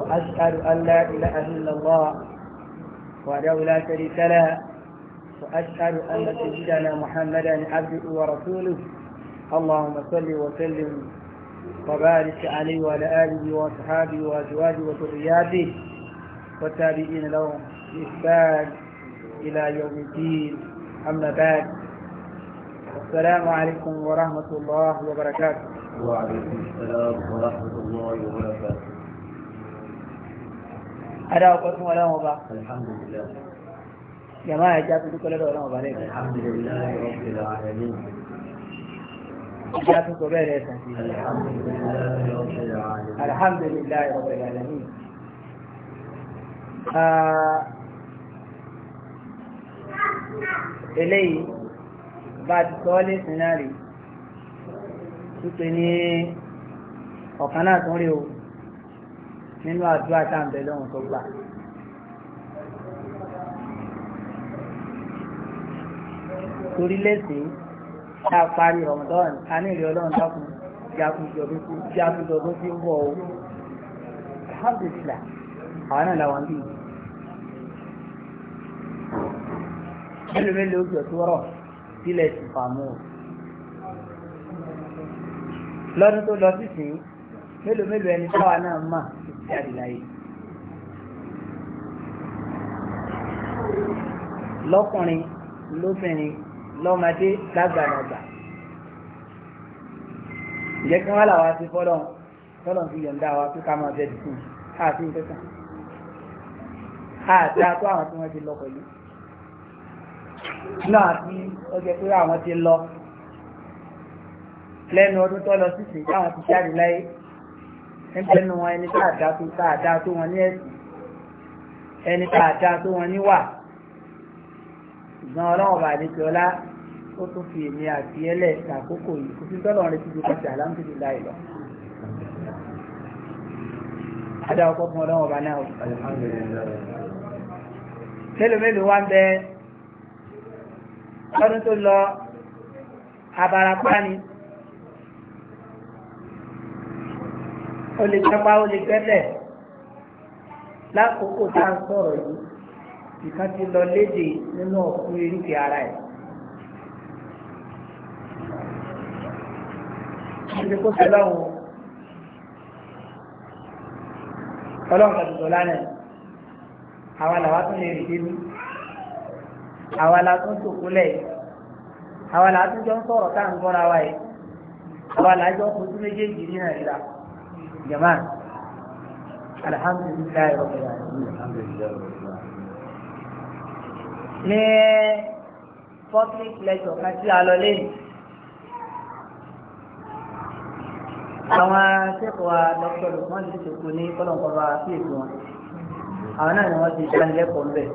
وأشهد أن لا إله إلا الله وحده لا شريك له وأشهد أن سيدنا محمدا عبده ورسوله اللهم صل وسلم وبارك عليه وعلى آله وأصحابه وأزواجه وذرياته والتابعين لهم بإحسان إلى يوم الدين أما بعد السلام عليكم ورحمة الله وبركاته وعليكم السلام ورحمة الله وبركاته ada ko tun wala mo ba alhamdulillah jama'a ja ku kula da wala mo ba ne alhamdulillah rabbil alamin ja ku ko bere ta alhamdulillah rabbil alamin alhamdulillah rabbil alamin ah eléyìí bá ti sọ ọ́ lé sinárì wípé ní ọ̀kan náà tún rí o nínú àdúrà táǹbẹ̀ lọ́hùn tó gbà. torí lẹ́sìn tá a parí rọ̀mọ̀dọ́n a ní ìrẹ̀ ọlọ́run dákun jákújọdún tí ń bọ̀ o alhamdulillah àwọn náà làwọn bí mélòó mélòó jọ tó rọ̀ sílẹ̀ sì fàmù lọ́dún tó lọ sísìn mélòó mélòó ẹni táwa náà mà sí àdìláyé lọ́kùnrin lóbìnrin lọ́mọdé lágbàlagbà ìjẹ́ kí wọ́n làwọn ti fọ́lọ́ fọ́lọ́ fi yọ̀ǹda wa pé ká máa bẹ̀rẹ̀ fún káàfin pẹ́sà àti àtọ́ àwọn tí wọ́n ti lọ pẹ̀lú náà àti ọjọ́ pé àwọn ti lọ lẹ́nu ọdún tó lọ sí sìn káwọn ti jáde láyé nígbẹ́nu wọn ẹni tààdá tó tààdá tó wọn ní ẹ̀sìn ẹni tààdá tó wọn ní wà ìgbọ́n ọlọ́run bá ní tiọ́lá ó tún fi èmi àti ẹlẹ́ ṣàkókò yìí kò sí tọ́lọ̀ retí ju kọjá aláǹtìlú láì lọ. Adá ọkọ̀ fún ọlọ́run ọba náà. Mélòó mélòó wá ń bẹ lọ́dún tó lọ abarapá ni. ó lè jápá ó lè gbẹ́lẹ̀ lákòókò tá à ń sọ̀rọ̀ yìí ìkan ti lọ léde nínú ọ̀fun eríkè ara ẹ̀. ṣe kó sí ọlọ́run ọlọ́run kan tuntun lánàá àwa làwa tún lè rí dénú àwa la tún tòkó lẹ̀ àwa làá tún jọ ń sọ̀rọ̀ tá ń gbọ́ra wa yìí àwa làá jọ fojú méjèèjì ní àríra jama'a alhamdulilayi rabbil alamin ní public lecture kan tí a lọ lẹ́yìn àwọn akẹ́kọ̀ọ́ wa dr lukman ti ṣòkò ní kọ́lọ̀kọ́ba sí ètò wọn àwọn náà ni wọ́n ti dánilẹ́kọ̀ọ́ ńbẹ̀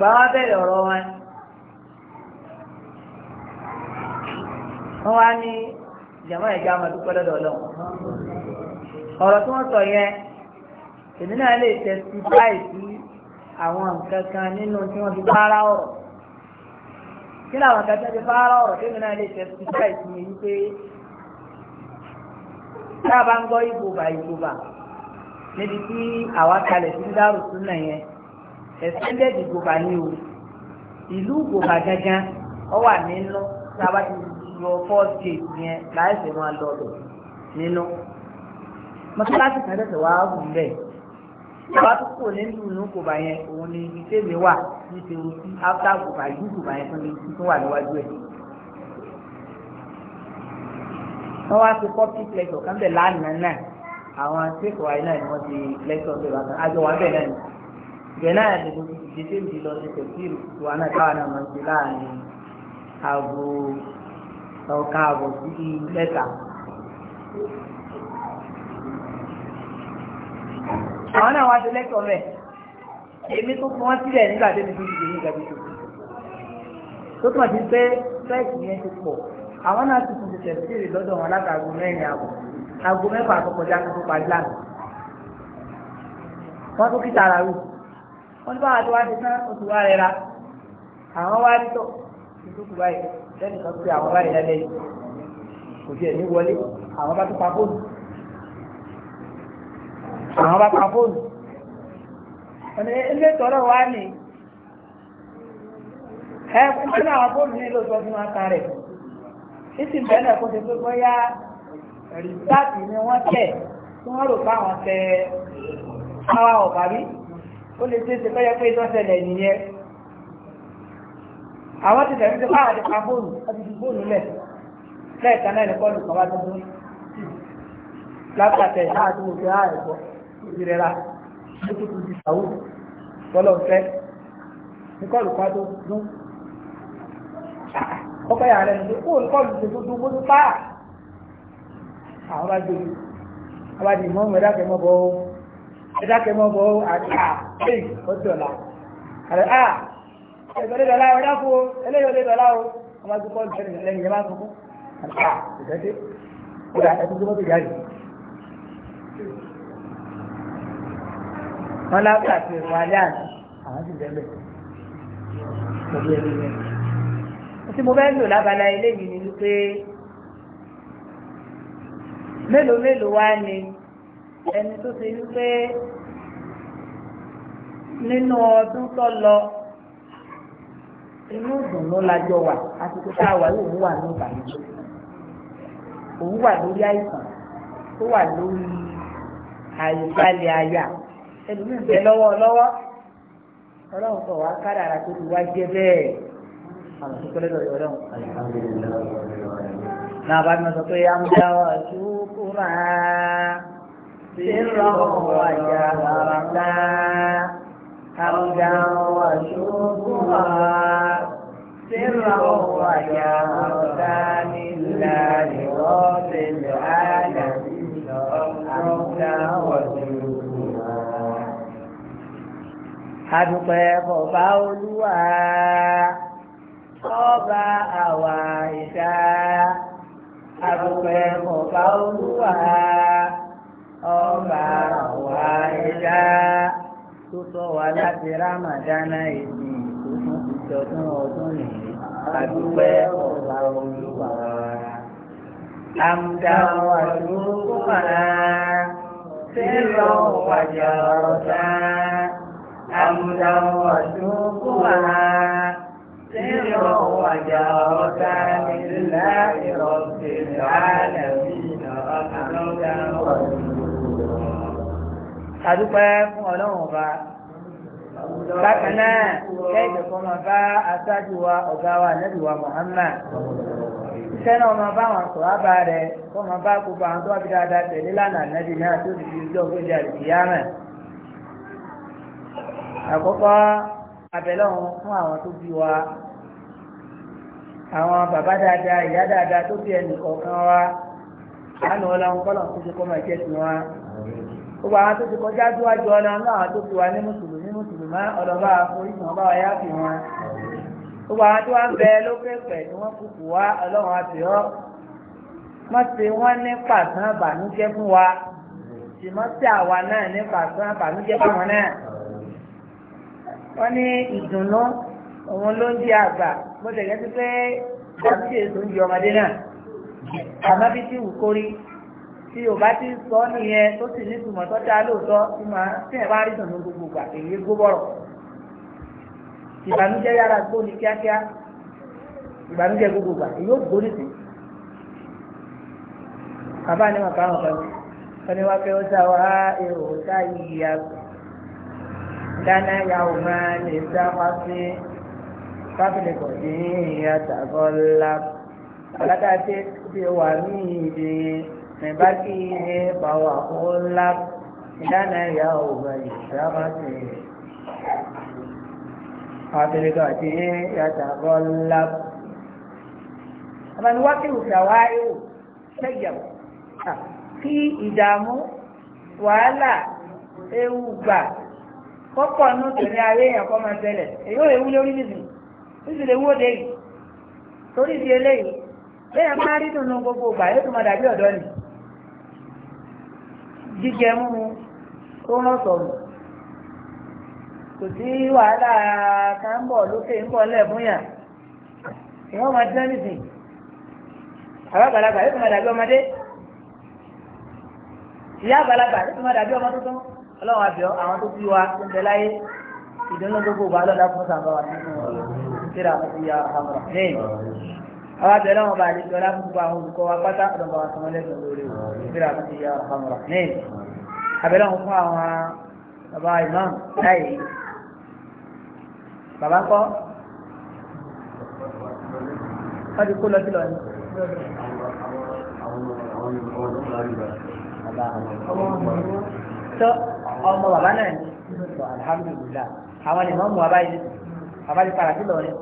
bá wá bẹ̀rẹ̀ ọ̀rọ̀ wọn wọ́n wá ní jàmáà ẹ̀já máa lọ́dọ̀ ọlọ́run ọ̀rọ̀ tí wọ́n sọ yẹn èmi náà lè tẹ̀sí báyìí àwọn nǹkan kan nínú tí wọ́n fi bára ọ̀rọ̀ kí làwọn nǹkan tí wọ́n fi bára ọ̀rọ̀ tí èmi náà lè tẹ̀sí báyìí mi wípé tá a bá ń gbọ́ ìgbòbà ìgbòbà níbi tí àwa kalẹ̀ sí dárò súnà yẹn extended ìgbòbà ni o ìlú ìgbòbà gangan ọ wà nínú tá a bá ti lọ first gate yẹn láìsí wọn lọ nínú mọ́sálásí kan tẹ̀sẹ̀ wá wù ú bẹ́ẹ̀ ìjọba tó kò nínú ìlú kò bá yẹn òun ni ìtẹ́lẹ̀ wà ní tèmi sí áfítà kò bá yìí kò bá yẹn tó ní tó wà níwájú ẹ̀. wọ́n wá sí public lecture kan bẹ̀ lánàá náà àwọn akẹ́kọ̀ọ́ ayé náà ni wọ́n ti lecture bẹ̀ bàtà àjọ wọn bẹ̀ náà ni bẹ̀ náà ni gbogbo ìdíje mi lọ sí tẹ̀síìlì wa náà táwọn náà máa ń láàrin aago ọ̀ka àbọ̀ sí mẹ́ta àwọn náà wá sí lẹ́tọ̀ rẹ̀ èmi tó fún wọn sílẹ̀ nígbà tó ti fi ìdè ní ìgbàgbé tó tó túmọ̀ sí pé fẹ́ẹ̀sì yẹn ti pọ̀ àwọn náà ti tún ti tẹ̀sí ìrì lọ́dọ̀ wọn látàgò mẹ́rin àbọ̀ àgbo mẹ́fà àkọ́kọ́ já tó parí lánàá wọ́n tó kíta ara rù wọ́n ní báwa tó wá ti tán oṣù wa rẹ̀ ra àwọn wá rí tó ìdókòwò báyìí lẹ́nu kan pé àwọn báyìí lẹ́lẹ́yìn kò tiẹ̀ ní wọlé àwọn bá tó pa fóònù àwọn bá pa fóònù ọ̀nà ilé tọ́rọ̀ wá ní ẹ fún mi àwọn fóònù ní lóòótọ́ fún wọn kan rẹ̀ títí bẹ́ẹ̀ kó ṣe pé bóyá rìsáàtì ni wọ́n tẹ̀ tí wọ́n rò fáwọn tẹ ara ọ̀bà rí ó lè ṣe é ṣe fẹ́ yẹ pé ìtọ́sẹ̀lẹ̀ nìyẹn àwọn ti tẹ̀lé ti bá àti pa fóònù àti ti fóònù lẹ̀ lẹ́ẹ̀kan náà ní kọ́ọ̀lù kan wá tuntun látàtẹ̀ náà tó ń fi ààrẹ pọ̀ ìrẹ́ra lókè tó di sàwó tọ́lọ̀ fẹ́ ní kọ́ọ̀lù kan tó dún ọkọ̀ yàrá rẹ̀ ní kóòlù kọ́ọ̀lù tó dún mọ́tò pa àwọn bá gbé abájú ìmọ̀ ọmọ ẹ̀dá kẹmọ́ bọ́ ọ́ ẹ̀dá kẹmọ́ bọ́ ọ́ àti à ẹ̀yìn ọjọ́ ọ̀la àrẹ à ẹ̀gbẹ́lẹ́ dọ̀la ẹ̀dá kó eléyìí olè dọ̀la o ọmọ ẹgbẹ́ kọ́ọ̀lù fẹ́ẹ́ lẹ́yìn ìyẹn bá ń sọ fún àti à ìdẹ́tẹ́ ó dà ẹ̀kú tó mọ́tò yá yìí wọn lábàá fi wọn alẹ́ àná àwọn sì bẹ́ẹ̀ bẹ́ẹ̀ pẹ̀lú ẹni yẹn. tí mo bẹ́ẹ̀ lò lábala eléyìí ni wípé mélòó mélòó wá ni ẹni tó ṣe wípé nínú ọdún tó lọ inú ìdùnnú la jọ wà àsìkò tá a wà yóò mú wà ní ìbànújẹ́ òun wà lórí àìsàn tó wà lórí àìbalẹ̀ àyà ẹlòmíì bẹ lọ́wọ́ lọ́wọ́ ọlọ́run kọ̀ wá kádàrà tó ti wá jẹ bẹ́ẹ̀ àwọn tó kọ́lé lọ́yọ̀ ọlọ́run. náà bá mi sọ pé amúdá wa ṣubú máa sí rọrùn wájà rárá amúdá wa ṣubú máa sí rọrùn wájà rárá nílá ìrọ́bìnrin àdàbí amúdá wa. adúpẹ́ kọba olúwa kọba àwa ìṣá adúpẹ́ kọba olúwa ọba àwa ìṣá tó sọ wá láti rámàdánà èyí tó tún ti sọdún ọdún nìyí adúpẹ́ kọba olúwa àmdáwà tó kọ́ máa ṣe lọ́wọ́ wájà ọ̀tá. عبدا وشكرا سرا وجهرا adúpẹ́ fún ọlọ́run ọba bákan náà kẹ́ẹ̀dẹ̀ kan máa bá aṣáájú wa ọ̀gá wa nẹ́bí wa Muhammad iṣẹ́ náà máa bá àwọn sọ̀rọ̀bà rẹ̀ kó máa bá gbogbo àwọn tó wà bí dáadáa tẹ̀lé lánàá àkọ́kọ́ abẹ́lọ́run fún àwọn tó bí wa àwọn bàbá dáadáa ìyá dáadáa tó bí ẹnì kọ̀ọ̀kan wa àánú ọlọ́run kọ́lọ̀ tó ti kọ́ máa jẹ́ tiwa gbogbo àwọn tó ti kọjá síwájú ọlọ́run náà tó ti wà ní mùsùlùmí mùsùlùmá ọlọ́ba àforíṣàn ọba wa yáàfin wọn gbogbo àwọn tó wá ń bẹ lókè pẹ̀ ni wọ́n kúkú wá ọlọ́run àbíọ́ wọ́n ti wọ́n ní pàṣán àbànújẹ́ fún wa sì mọ́ sí àwa náà ní pàṣán àbànújẹ́ fún wọn náà wọ́n ní ìdùnnú òun ló ń di àgbà bó ṣe yẹ sí pé àbí ṣe èso ń di ọmọdé náà àmọ́ bí tí wù kórí tí o bá ti sọ nìyẹn tó sì ní ìtumọ̀ tó dá lóòótọ́ tí màá tí ẹ̀ bá rí ìdùnnú gbogbo gbà èyí gbó bọ̀rọ̀ ìbànújẹ́ yára gbó ní kíákíá ìbànújẹ́ gbogbo gbà èyí ó gbó nìsín bàbá ni wọn kà wọn kàn ní wọn fẹ́ ó sá wa èrò sá yìí كان يوما للسقط قبل كونه يتغلب فلقتك بوميدي من بركه فوقلب كان يوم للسقط قبل كونه يتغلب من وقع سوائه سيب في إدامه ولا ewu gbà kọ́pọ̀ nù tẹ̀lé ayé èèyàn kọ́ máa tẹ̀lẹ̀ èyí ò ewu lórí nìsín nísìsiyìí lè wú òde yìí torí di eléyìí rí gbogbo ìgbà yóò tún máa dàbí ọ̀dọ́ ni jíjẹ múmu tó rán sọ̀rọ̀ kò sí wàhálà kan lókè ń bọ̀ máa tẹ́ ọmọdé ìyá yóò tún ọlọ́run àbíọ́ àwọn tó bí wa tó ń bẹ láyé ìdúnnú gbogbo wa lọ́dà fún sàǹbà wa nínú ìṣẹ́ra àwọn ti ya àmọ̀ lẹ́yìn. àwọn àbẹ̀rẹ̀ wọn bá àlejò ọlá fún gbogbo àwọn olùkọ́ wa pátá ọ̀dọ̀mọ̀ wa sọmọ lẹ́sùn lórí ìṣẹ́ra àwọn ti ya àmọ̀ lẹ́yìn. àbẹ̀rẹ̀ wọn fún àwọn bàbá imam láyé bàbá kọ́ wọ́n ti kó lọ sí lọ ní. Tọ́ ọmọ bàbá náà ni sọ alihamudulilayi àwọn ìmọ̀ mu bàbá yìí bàbá yìí para sí lọ́rin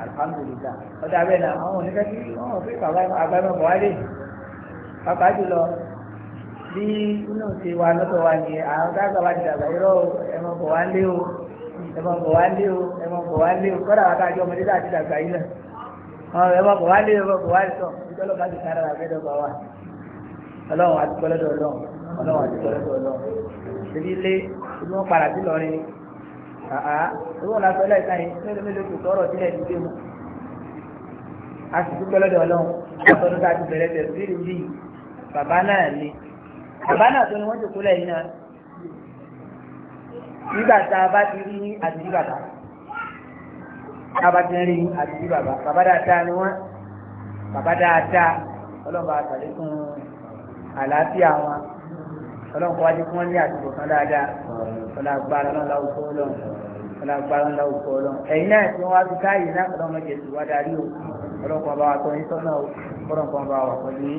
alihamudulilayi ọ̀dà bẹ́ẹ̀ náà àwọn onífẹ́ kí wọ́n fi bàbá àgbà náà bọ̀ wáyé jùlọ bí inú ti wà lọ́tọ̀ wa ni àwọn dáàbà wa ti dàgbà irọ́ ẹ̀mọ bọ̀ wá lé o ẹ̀mọ bọ̀ wá lé o ẹ̀mọ bọ̀ wá lé o kọ́dà wa ká jọ ọmọdé dáa ti dàgbà yìí náà ẹ̀mọ bọ̀ wá lé o ẹ̀mọ bọ̀ wá lé sọ ìjọlọ́ba ti sára rà fẹ́ dọ́gba wa ọlọ́run àti kọ́lọ́dọ̀ ọlọ́run ọlọ́run àti kọ́lọ́dọ̀ ọlọ́run síbi ilé ìlú wọn padà sí lọrin ni àá ìwọ la sọ lẹ́ẹ̀ka yìí mélòó mélòó kò tọrọ sílẹ̀ ní dé mu a sì dúpẹ́ lọ́dọ̀ ọlọ́run àtọ́nu tá a ti bẹ̀rẹ̀ tẹ̀ sí ìlú yìí bàbá náà ni bàbá náà tó ni wọ́n ti kú lẹ́yìn náà nígbà tá a bá ti rí àdìrí bàbá tá a bá ti rí àdìrí bàbá bàbá dáadáa ni wọ́n bàbá dáadáa ọlọ́run bá a tàlé àlàáfíà wọn ọlọ́run kọ́ wájú kí wọ́n ní àtìkò kan dáadáa ọlọ́gbàrá ńlá òkú ọlọ́run ọlọ́gbàrá ńlá òkú ọlọ́run ẹ̀yin náà tí wọ́n wá fi káyìí náà ọlọ́run jẹ̀sù wá darí o ọlọ́run kan bá wa tọ́ yín sọ́nà o ọlọ́run kan bá wa tọ́ yín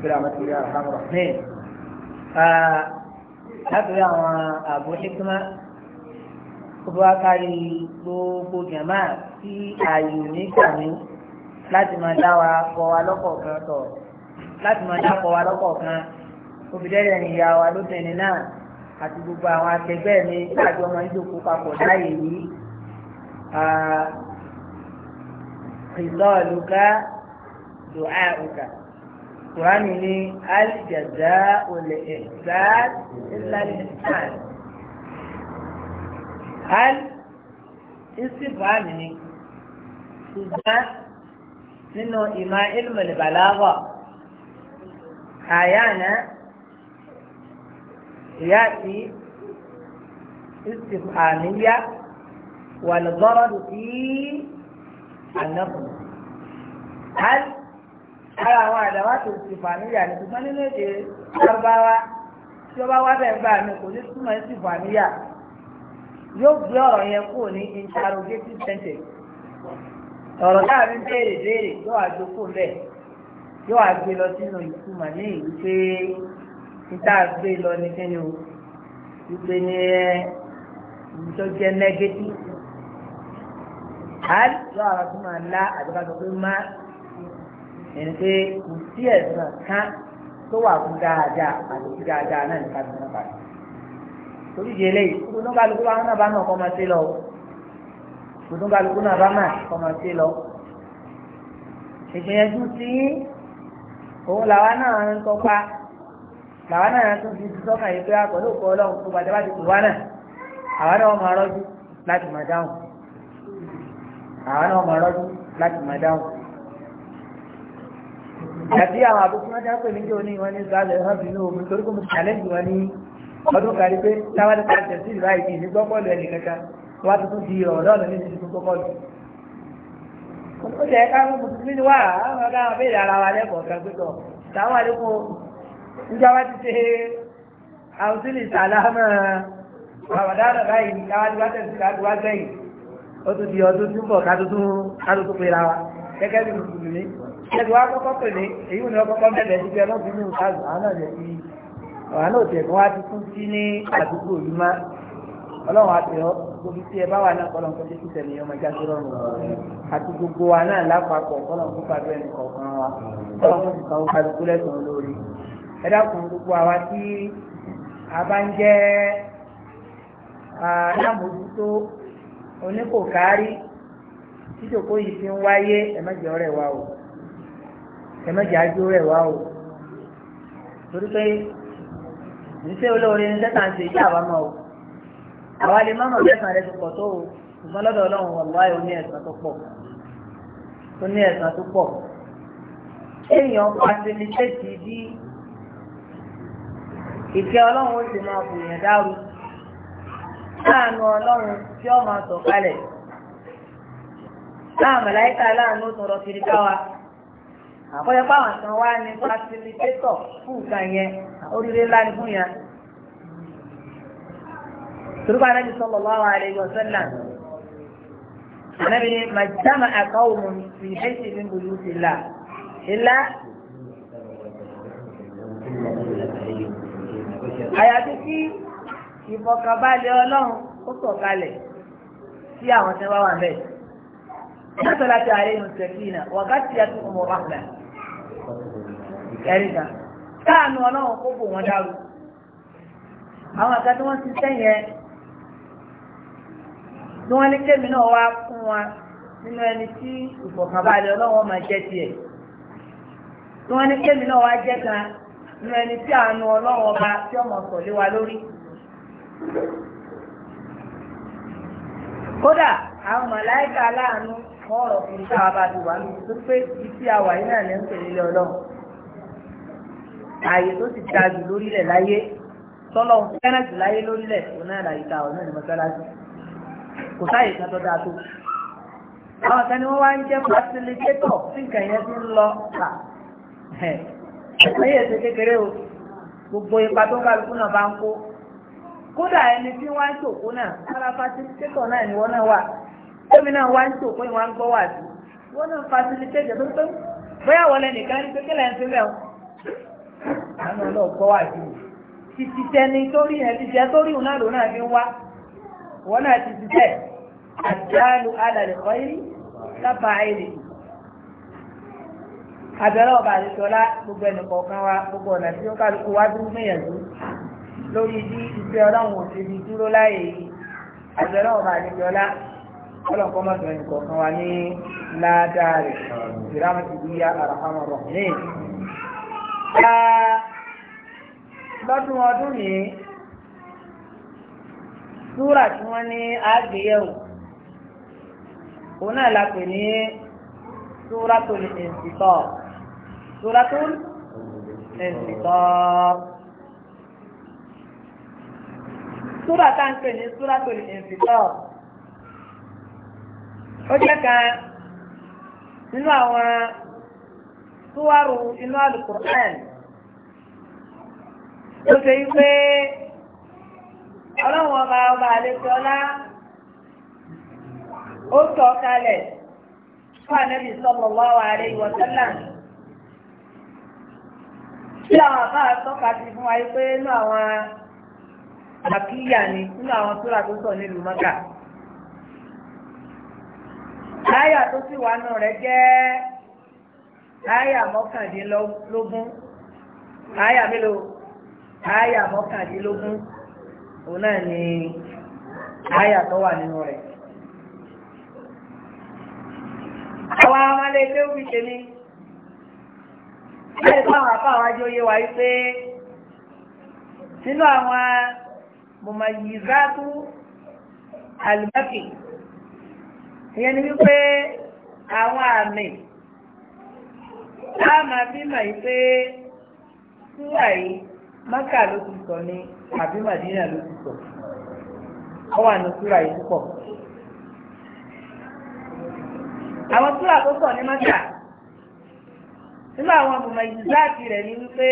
kíra mọ́tìrì àhámọ́rọ̀ ní. látòrí àwọn àbò ṣíkímá kó bá gbogbo jàmá tí ààyè ní kàmí láti máa dá wa kọ wa lọ́kọ̀ọ̀kan obìnrin ẹni ìyá wa lóbìnrin náà àti gbogbo àwọn akẹgbẹ́ mi láàjọ ọmọ ìjókòó papọ̀ láàyè yìí ìlọ́ọ̀lùkà dùá òkà kùránì ní alìjàdá olè ẹ̀dá ìlànìtàn al ìsìbáàmì ni ṣùgbọ́n nínú ìmọ̀ ìlmọ̀lẹ̀bàláwà àyànà. يأتي استفهامية والضرر في النظم هل ara àwọn àdáwàtò ìfàníyà ní ṣùgbọ́n nínú èdè lárúbáwá tí ó bá wá bẹ́ẹ̀ bá mi kò ní túmọ̀ sí ìfàníyà yóò gbé ọ̀rọ̀ yẹn kúrò ní interrogative sentence ọ̀rọ̀ náà ní béèrè béèrè yóò àjò kò bẹ́ẹ̀ yóò àgbé sínú ìtumọ̀ ní ìlú pé níta gbé lọ ní kíni o wípé ní ẹ tó jẹ nẹgẹtì àl lọ́wọ́ àwọn tó máa la àdébàtọ̀ pé má ẹni pé kò sí ẹ̀sán kan tó wà fún dáadáa àti fún dáadáa náà nípa tó náà báyìí torí ìdí eléyìí kókó tó ń kálukú bá náà bá náà kọ́ máa ṣe lọ kókó tó ń kálukú náà bá máa kọ́ máa ṣe lọ ìgbìyànjú tí òun làwa náà ń kọ́pa làwọn náà tún fi sọ́kàn yìí pé àpọ̀ lóòkọ́ ọlọ́run tó bàjẹ́ bá ti kù wá náà àwọn náà máa rọ́jú láti máa dáhùn àwọn náà máa rọ́jú láti máa dáhùn. àti àwọn àbúkú wọn dápè níjẹ́ òní wọn ní sàlẹ̀ hàn bínú omi torí kò mú challenge wọn ní ọdún kárí pé táwọn ti pàṣẹ sí ìlú àìsí ní gbọ́pọ̀lù ẹnì kankan wọ́n ti tún di ọ̀dọ́ọ̀nà ní ìdíjú gbọ́pọ̀lù. ó jẹ́ ká mú mùsùlùmí wà níjọba ti ṣe àwùsílì sàlámà ràmàdánà báyìí káwá ti wá tẹ̀sí káàdì wá sẹ́yìn ó tún di ọdún tó ń bọ̀ ká tu ká tuntun pera wa gẹ́gẹ́ bí mùsùlùmí ẹ̀dùn wa kọ́kọ́ pè ní èyí ni ọkọ́kọ́ bẹ̀rẹ̀ sí pé ọlọ́run nínú káàdùn àwọn náà lẹ́sí ọ̀hán náà tẹ̀kọ́ wa ti kún sí ní àdúgbò yìí má ọlọ́run àti ọ gbogbo tí ẹ bá wà náà kọ́lọ́n kó tẹ́sí tẹ̀lé ọmọ ìjà tó rọrùn àti gbogbo wa náà lápapọ̀ kọ́lọ́n kó pàdé ẹnì kọ̀ọ̀kan wa kọ́lọ́n kó ẹ dákun gbogbo àwa tí a bá ń jẹ́ alámòjútó oníkòkárí títòkó yìí fi ń wáyé ẹ má jẹ́ ọ̀rẹ́ wa o ẹ má jẹ́ ajó rẹ̀ wá o torí pé ìṣe olóore ní sẹ́tà ń ṣe iṣẹ́ àwa mọ́ o àwa lè má mọ̀ lẹ́sàn rẹ̀ tó pọ̀ tó o ṣùgbọ́n lọ́dọ̀ ọlọ́run wà láyé oní ẹ̀sán tó pọ̀ oní ẹ̀sán tó pọ̀ èèyàn pàṣẹ ní ṣéèkì bí ìfẹ́ ọlọ́run ó sì máa bùyàn dáru láàánú ọlọ́run tí ó máa sọ̀ kalẹ̀ láàmú láìka láàánú tọrọ kiri káwa àkọ́jọ́ páwọn kan wá ní fasilitétọ̀ fún nǹkan yẹn oríire ńlá ni fún yẹn. Turuba Anabi sallallahu alaihi Anabi ni Majama fi àyàfi kí ìfọkànbalẹ̀ ọlọ́run ó sọ̀kalẹ̀ sí àwọn tí wọ́n wà bẹ́ẹ̀. Nígbà láti àárẹ̀ ìhùn sẹ̀kínà, wàgátì yàtú ọmọ wàhùnà. Ẹ̀ríkà. Káànù ọlọ́run kó bò wọ́n dárú. Àwọn àga tí wọ́n ti sẹ́yìn ẹ tí wọ́n ní kémi náà wá fún wa nínú ẹni tí ìfọkànbalẹ̀ ọlọ́run máa jẹ́ tiẹ̀. Tí wọ́n ní kémi náà wá jẹ́ kan nu ẹni tí àánú ọlọ́wọ́ ọba tí ọmọ wa lórí. kódà àwọn màláìka aláàánú ọ̀rọ̀ fún iṣẹ́ àwọn abàdùn lórí tó pé iṣẹ́ àwà yìí náà ní ń ọlọ́run. ààyè tó ti ta jù lórílẹ̀ láyé tọ́lọ́ fẹ́ràn jù láyé lórílẹ̀ náà ta ọ̀nà ní ni wọ́n wá ń jẹ́ tí nǹkan yẹn lẹ́yìn ètò kékeré o gbogbo ipa tó kálukú náà bá ń kó kódà ẹni tí wọ́n ń ṣòkó náà ara fasilitétọ̀ náà ni wọ́n náà wà tómi náà wá ń ṣòkó ìwọ̀n ń gbọ́ wà sí wọ́n náà fasilitétọ̀ tó tó bóyá wọlé nìkan ní pé kílẹ̀ ń fi bẹ́ẹ̀ náà gbọ́ wà sí títí abẹ́rẹ́ ọba àdìsọ́lá gbogbo ẹnì kọ̀ọ̀kan wa gbogbo ọ̀nà tí ó kálukú wá dúró gbìyànjú lórí bí ìfẹ́ ọlọ́run ò ṣe fi dúró láàyè yìí abẹ́rẹ́ ọba àdìsọ́lá ọlọ́nkọ́ mọ́tò ẹnì wa ní ládàá rẹ̀ ìrámọ̀ ti di àràkámọ̀ rọ̀ ní. lọ́dún ọdún yìí súrà tí wọ́n ní àgbéyẹ̀wò òun náà la pè ní súrà tó lè ṣe ìsìtọ́ọ̀ suratul infitar sura tá ń pè suratul infitar ó jẹ́ kan nínú àwọn súwárù inú alukur'an ó ṣe yí pé ọlọ́run ọba ọba àlejò ó sọ kalẹ̀ fún ànábì sallallahu alaihi wa sallam tí àwọn àbá tọ́ka ti fún wa pé inú àwọn àkíyà ni nínú àwọn tóra tó sọ nílùú mọ́kà láyà tó sì wà náà rẹ̀ jẹ́ láyà mọ́kàndínlógún láyà mélòó láyà mọ́kàndínlógún òun náà ni láyà tó wà nínú rẹ̀. àwọn ọmọlẹ́gbẹ́ òbí ni láti fáwọn afáwájú yé wa wípé sínú àwọn mọ̀mọ̀yìzáàtú àlùbákì ìyẹn ni wípé àwọn àmì á máa fi mọ̀ wípé súwà yìí Mákà ló ti sọ ni àbí Màdínà ló ti sọ ọ wà ní súwà yìí púpọ̀ àwọn súwà tó sọ ní Mákà nínú àwọn ọmọ ìdíláàtì rẹ̀ ni wípé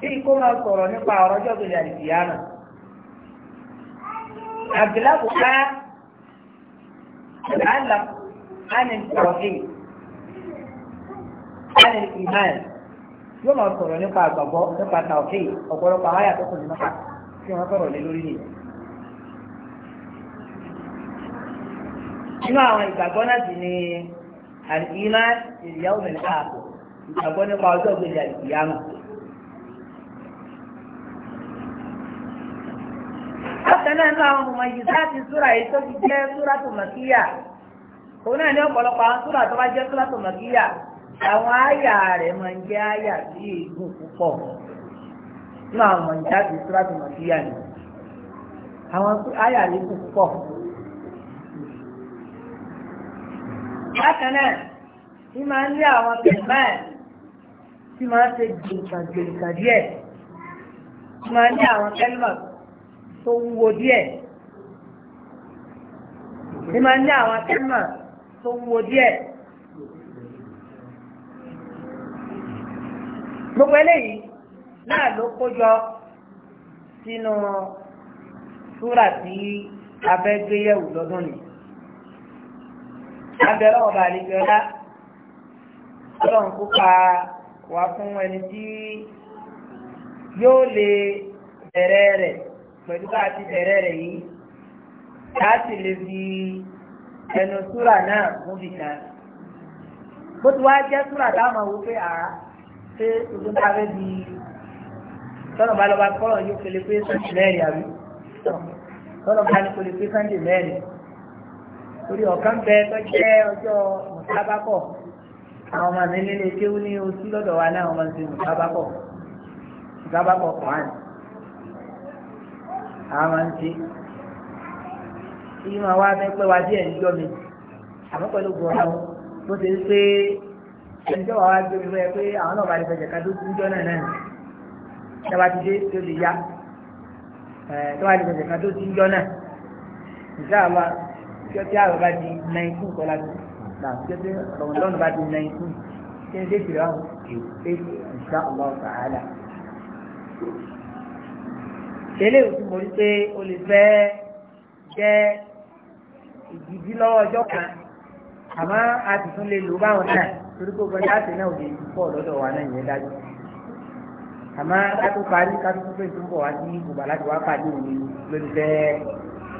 bí kó máa sọ̀rọ̀ nípa ọ̀rọ̀ ọjọ́ gbèdé àdìyànà àgbélàbùká àlà ánìkọ̀ọ̀hìn ánìkìmáì yóò máa sọ̀rọ̀ nípa àgbàgbọ́ nípa tàọ̀hìn ọ̀pọ̀lọpọ̀ àwọn àyàtọ̀ kò ní mọ́ta tí wọ́n sọ̀rọ̀ lé lórí nìyẹn. nínú àwọn ìgbàgbọ́ náà sì ni àdìmá ìyá òmìn ààbò ìgbàgbọ́ nípa ọjọ́ ògbèjà ìyáma. Bákan náà ní àwọn ọmọ yìí láti súra yìí tó ti jẹ́ súra tó màkíyà. Òun náà ní ọ̀pọ̀lọpọ̀ àwọn súra tó bá jẹ́ súra tó màkíyà. Àwọn àyà rẹ̀ máa ń jẹ́ àyà sí ègún púpọ̀. Nínú àwọn ọmọ yìí láti súra tó màkíyà ni. Àwọn àyà rẹ̀ gùn púpọ̀. bákan náà ní máa ń lé àwọn tẹ̀gbọ́n ẹ̀ tí máa ń ṣe gbèrùkàgbèrùkà díẹ̀ tí máa ń lé àwọn tẹ́lẹ̀mọ̀ tó wúwo díẹ̀ ní máa ń lé àwọn tẹ́lẹ̀mọ̀ tó wúwo díẹ̀. gbogbo eléyìí náà ló kójọ sínú súrà tí abẹ́gbéyẹ̀wò lọ́dún nìyí abẹ́rẹ́ ọ̀bà àlejòọ́lá ọlọ́run kópa wá fún ẹni tí yóò lè bẹ̀rẹ̀ rẹ̀ pẹ̀lú bá a ti bẹ̀rẹ̀ rẹ̀ yìí láti lè fi ẹnu súrà náà mú bìkan bó ti wá jẹ́ súrà táwọn wò pé àá pé tuntun tá a fẹ́ di tọ́nà bá lọ́ba kọ́rọ̀ yóò fele pé sunday mẹ́rin àbí tọ́nà bá ní kò lè pé sunday mẹ́rin torí ọ̀kan bẹ tó jẹ́ ọjọ́ mùsábákọ̀ àwọn ọmọ mi nílé kéwú ní oṣù lọ́dọ̀ wa náà wọ́n ti mùsábákọ̀ mùsábákọ̀ kwan àwọn ti ìmọ̀ wa fẹ́ pẹ́ wa díẹ̀ níjọ́ mi àmọ́ pẹ̀lú gbọ́dọ̀ bó ti ń pé ẹnjọ́ wa wá gbé mi wẹ́ pé àwọn náà bá lè fẹ̀jẹ̀ ká tó níjọ́ náà náà ìjọba ti dé tó lè yá tó wá lè fẹ̀jẹ̀ ká tó níjọ́ náà ìjà wa tí àwẹ̀ bá di nineteen kọ́lá tó náà tí tí rọ̀mọdọ́nù bá di nineteen tí ẹ débi rẹ̀ ọ̀hún èké ìṣá ọlọ́ọ̀ sàhálà. eléyìí tí mo rí pé o lè fẹ́ jẹ́ ìdíjí lọ́wọ́ ọjọ́ kan àmọ́ a sì tún lè lò báwọn náà torí pé ọgbọ́n láti náà ò lè pọ̀ lọ́dọ̀ wa náà yẹn dájú àmọ́ kátó parí kátó tó fèsì ń bọ̀ wá sí ìgbà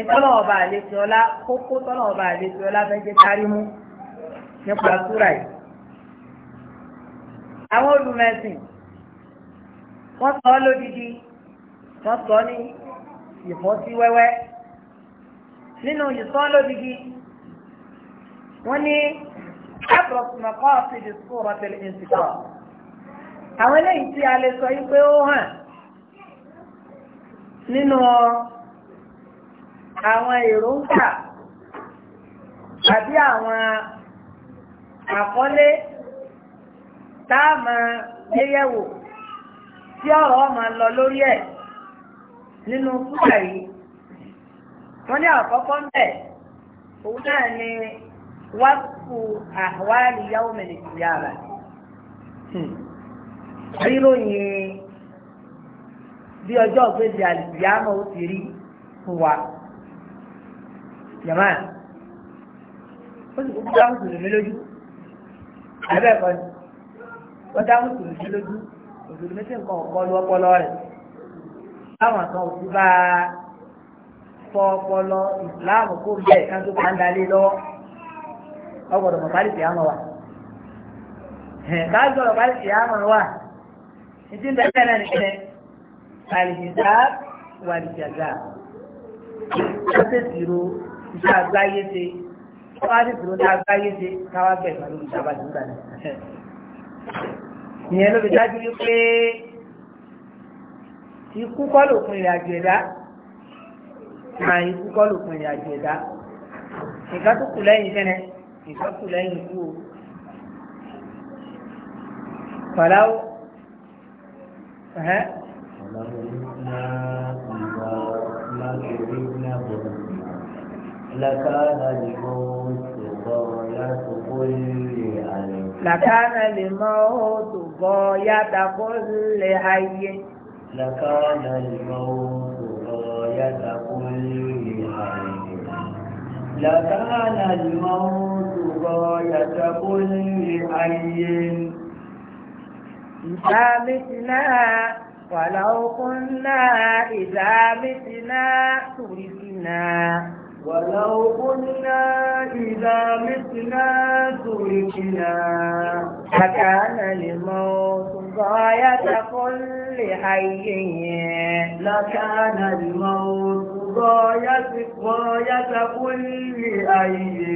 ìtọ́nà ọba àlejò ọlá kókó tọ́nà ọba àlejò ọlá fẹ́ jẹ́ kárí mú nípa súrà yìí. àwọn olùmẹ̀sìn wọ́n sọ ọ́ lódìdí wọ́n sọ ní ìfọ́sí wẹ́wẹ́ nínú ìsọ́ lódìdí wọ́n ní abrọ̀sùmọ̀kọ́ ti di sùúrù ọ̀tẹ̀lẹ̀ ìsìkọ́ àwọn eléyìí tí a lè sọ yìí pé ó hàn nínú ọ àwọn èròǹgbà àbí àwọn àkọlé tá a máa gbéyẹ̀wò tí ọ̀rọ̀ máa lọ lórí ẹ̀ nínú kúrà yìí wọ́n ní àkọ́kọ́ ń òun náà ni wákù àwárí yàwó mẹ́lẹ̀kì yára ríròyìn bí ọjọ́ ògbésí àlùbíàmọ́ ó ti rí fún wa jàmá ó sì kúkú dá mùsùlùmí lójú àbẹ́ ẹ̀kọ́ ni wọ́n dá mùsùlùmí lójú mùsùlùmí sì ń kọ́ ọ̀kọ́ lu ọpọlọ rẹ̀ báwọn kan ò sí bá a fọ ọpọlọ ìsìláàmù kó bẹ́ẹ̀ kan tó bá ń dalé lọ́wọ́ ọgbọ̀dọ̀ mọ̀ kálí kìámọ̀ wa káàdì ọ̀rọ̀ kálí kìámọ̀ wa ìdí ń bẹ́ẹ̀ náà nìkẹ́ kàlìjìdá wàlìjàgà ó tẹ̀síro iṣẹ́ àgbáyé ṣe wọ́n á sì dúró ní àgbáyé ṣe káwá bẹ̀rẹ̀ lórí ìjọba nígbà náà. ìyẹn ló fi dájú wípé ikú kọ́ lòpin ìrìnàjò ẹ̀dá máa ikú kọ́ lòpin ìrìnàjò ẹ̀dá nǹkan tó kù lẹ́yìn sẹ́nẹ̀ nǹkan kù lẹ́yìn ikú o. Fàlàó ẹ̀hẹ́. Fàlàó ní ká ìgbà máa rí ní àbọ̀dá. لكان لموت غاية كل حي لكان لموت غاية كل حي لكان الموت غاية كل حي لكان الموت غاية كل حي إذا متنا ولو كنا إذا متنا تركنا ولو قلنا إذا متنا تركنا فكان الموت غاية كل حي لكان الموت غاية غاية كل حي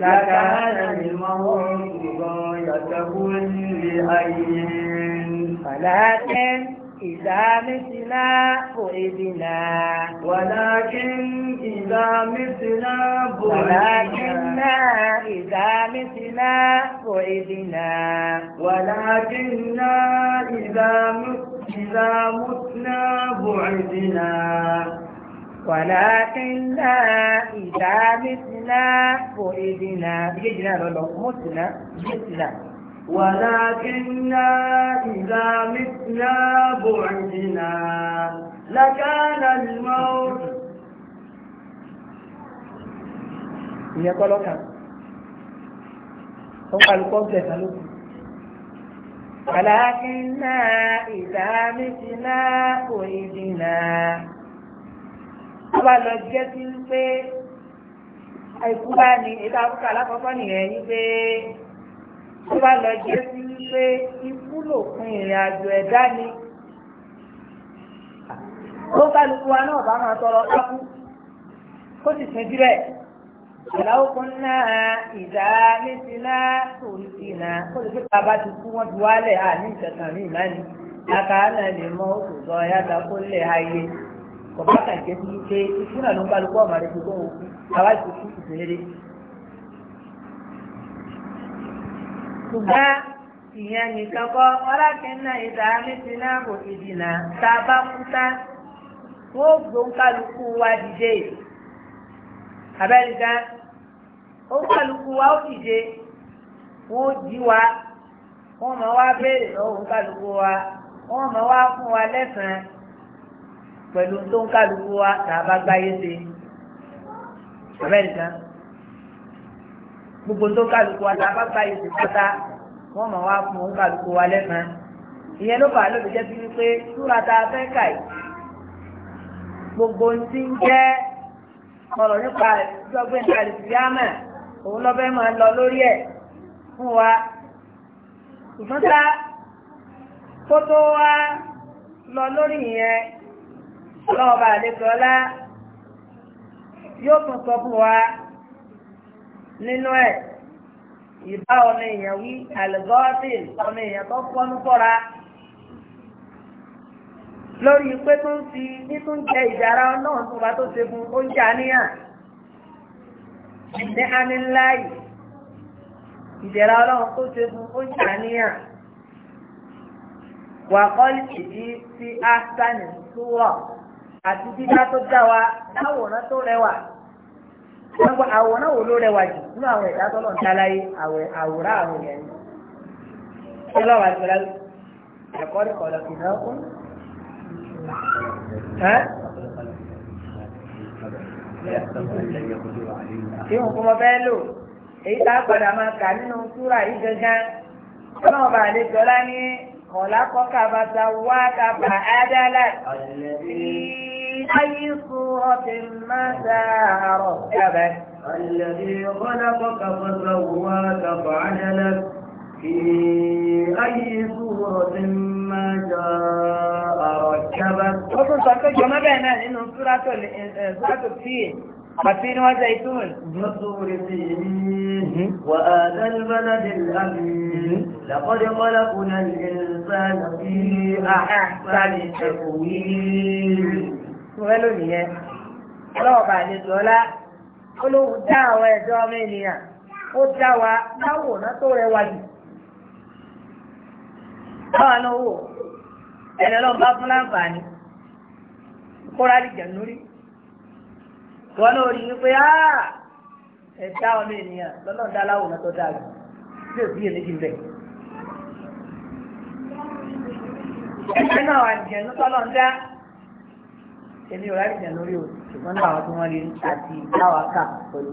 لكان الموت غاية كل حي ولكن إذا متنا وإذنا ولكن إذا متنا ولكننا إذا متنا وإذنا ولكننا إذا إذا متنا بعدنا ولكننا إذا متنا وإذنا جدنا لو متنا متنا ولكننا إذا متنا بعدنا لكان الموت ìyẹn kọ́ lọ́kàn ó ń kálukọ́ ń tẹ̀sán lókun. ولكننا إذا متنا بعدنا wọ́n bá lọ jẹ́ sí pé àìkú bá ní ìdá àkókò nìyẹn ní pé tó bá lọ jẹ́ sí wípé ikú lòpin ìrìn àjò ẹ̀dá ni ó kálukú wa náà bá máa tọrọ kákú kó sì sùn jílẹ̀ ìlàwó kan náà ìdá nísìnà òrìṣìnà kó lè fi bàbá ti kú wọn ti wálẹ̀ àní ìtẹ̀sán ní ìmáàní àkàánà lè mọ òkùnkọ yàtọ̀ kó lè ayé kọ̀ọ̀bá kàjẹ́ sí wípé ikú náà ló ń kálukú ọ̀mọ̀ rẹ̀ fi kó wọn kú àwa ìsìnkú ìsìnlẹ̀ ṣùgbọ́n ìyẹn nìkan kọ́ ọlákẹ́ńnà ìdá mẹ́tìnà kò ti dìnnà tá a bá kú tán wọ́n gbóǹkálukú wa dìde abẹ́rìndá ó kálukú wa ó dìde wọ́n jí wa wọ́n mọ̀ wá béèrè lọ́wọ́ kálukú wa wọ́n mọ̀ wá fún wa lẹ́sàn-án pẹ̀lú tó ń kálukú wa tá a bá gbáyé ṣe abẹ́rìndá gbogbo tó kálukú wa tàbá gba ìsì pátá wọ́n mọ̀ wá fún òun kálukú wa lẹ́sàn-án ìyẹn ló fà á lóbi jẹ́ sí wípé súra tá a fẹ́ kà yìí gbogbo ti ń jẹ́ ọ̀rọ̀ nípa ìjọgbìn àlìsíyámẹ̀ òun lọ́fẹ́ máa lọ lórí ẹ̀ fún wa ṣùgbọ́n tá kó tó wá lọ lórí yẹn ọlọ́ọ̀bà àlejò ọlá yóò tún sọ fún wa nínú ẹ̀ ìbá ọmọ èèyàn wí àlùgọ́tìl ọmọ èèyàn tó fọ́nú fọ́ra lórí pé tó ń fi títún jẹ ìjàrá náà tó bá tó ṣe fún oúnjẹ àníyàn ní amíláyì ìjẹ̀rá ọlọ́run tó ṣe fún oúnjẹ àníyàn wà kọ́lì ìdí sí áṣánì tó wọ̀ àti dídá tó dá wa láwòrán tó rẹwà wọ́n gba àwòrán wo ló rẹwà jù nínú àwọn ẹ̀dá tọ́lọ̀ ń ta láyé àwòrán àwọn èèyàn ni ọlọ́wà ti rẹ ẹ̀kọ́ ní kọ̀ọ̀lọ̀ kì náà kún. tí wọn kọ́ mọ fẹ́ lò èyí tá a padà máa kà nínú súrà yìí gangan ọlọ́wọ́ bá lè jọlá ní kọ̀ọ̀lá kọ́kà bàtà wá kàbà ádálà. في أي صورة ما شاء ركبك الذي خلقك فسواك فعدلك في أي صورة ما شاء ركبك وصل صلت كما بينا إنه صورة سورة الفيل والتين والزيتون والطور سينين وآذى البلد الأمين لقد خلقنا الإنسان في أحسن تكوين mo fẹ́ lónìí yẹn ọlọ́ọ̀bà àlejò ọlá ó dá àwọn ẹ̀dọ́ ọmọ ènìyàn ó dá wa láwòrán tó rẹwà jù báwa náà wò ẹni ọlọ́run bá fún láǹfààní kóra lè jẹ̀ núrí wọn náà rí i pé ẹ̀dá ọmọ ènìyàn lọ́nà dá láwòrán tó dáa jù tí ò sí èléjì bẹ́ẹ̀. ẹ̀ka náà àjẹ̀nú tọ́lọ́ ń dá. èmi ò rárí ìjà lórí o ṣùgbọ́n náà àwọn tí wọ́n lè àti ìdáwà kà pẹ̀lú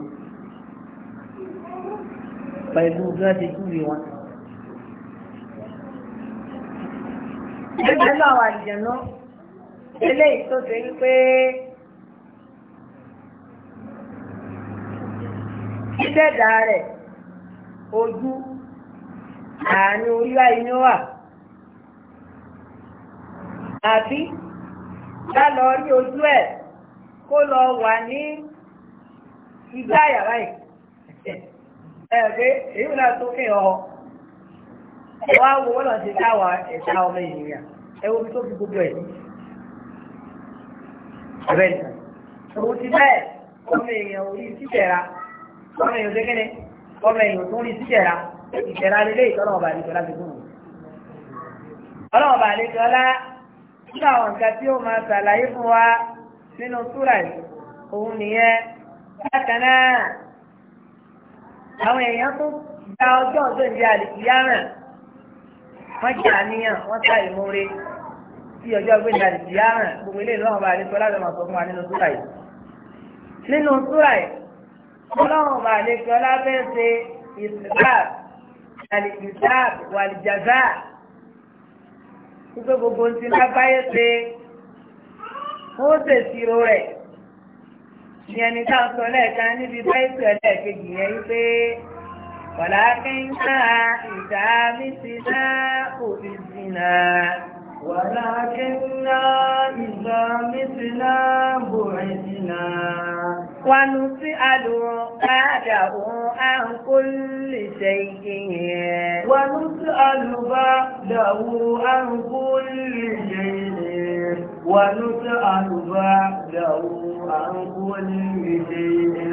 pẹ̀lú bí wọ́n ti júwe wọn. Ẹgbẹ́ náà wà ìjẹ̀nú eléyìí tó ṣe wípé dídẹ̀dà rẹ̀ ojú àárín orí àìníwà àbí já lọ rí ojú ẹ̀ kó lọ wà ní igbá yàrá ẹ̀ ẹ̀ pé èyí náà tó kéèyàn ọ wá wo wọ́n náà ṣe dáwà ẹ̀dá ọmọ ènìyàn ẹ wo bí tó fi gbogbo ẹ̀ ọ̀rẹ́ nìkan òun ti bẹ́ẹ̀ ọmọ èèyàn ò rí síjẹ̀ra ọmọ èèyàn dégéné ọmọ èèyàn tó rí síjẹ̀ra ìjẹ̀ra lélẹ́ ìtọ́nà ọba àlejò ọlá gbogbo ọlọ́wọ́ nínú àwọn nǹkan tí ó máa ṣàlàyé fún wa nínú súrà yìí òun nìyẹn bákan náà àwọn èèyàn tún gba ọjọ́ ọjọ́ ìdí àlìkìyàmà wọ́n jẹ́ àníyàn wọ́n sá ìmúre tí ọjọ́ ọgbẹ́ ìdí àlìkìyàmà gbogbo ilé ìlú ọ̀bà àdìsọ́ lábẹ́ màá sọ fún wa nínú súrà yìí nínú súrà yìí ọlọ́run ọ̀bà àdìsọ́ lábẹ́ ṣe ìsìláàbù àlìkìsáàbù wàlìjàzáàbù wípé gbogbo ń ti lábáyé pé ó ṣèṣirò rẹ̀ ìyẹn ní táwọn sọ lẹ́ẹ̀kan níbi báyìí ẹlẹ́ẹ̀kejì yẹn wípé wàlákíńtà ìdá mi ti dá òbí sí náà. ولكننا إذا متنا بعثنا ونسأل بعده عن كل شيء ونسأل بعده عن كل شيء ونسأل بعده عن كل شيء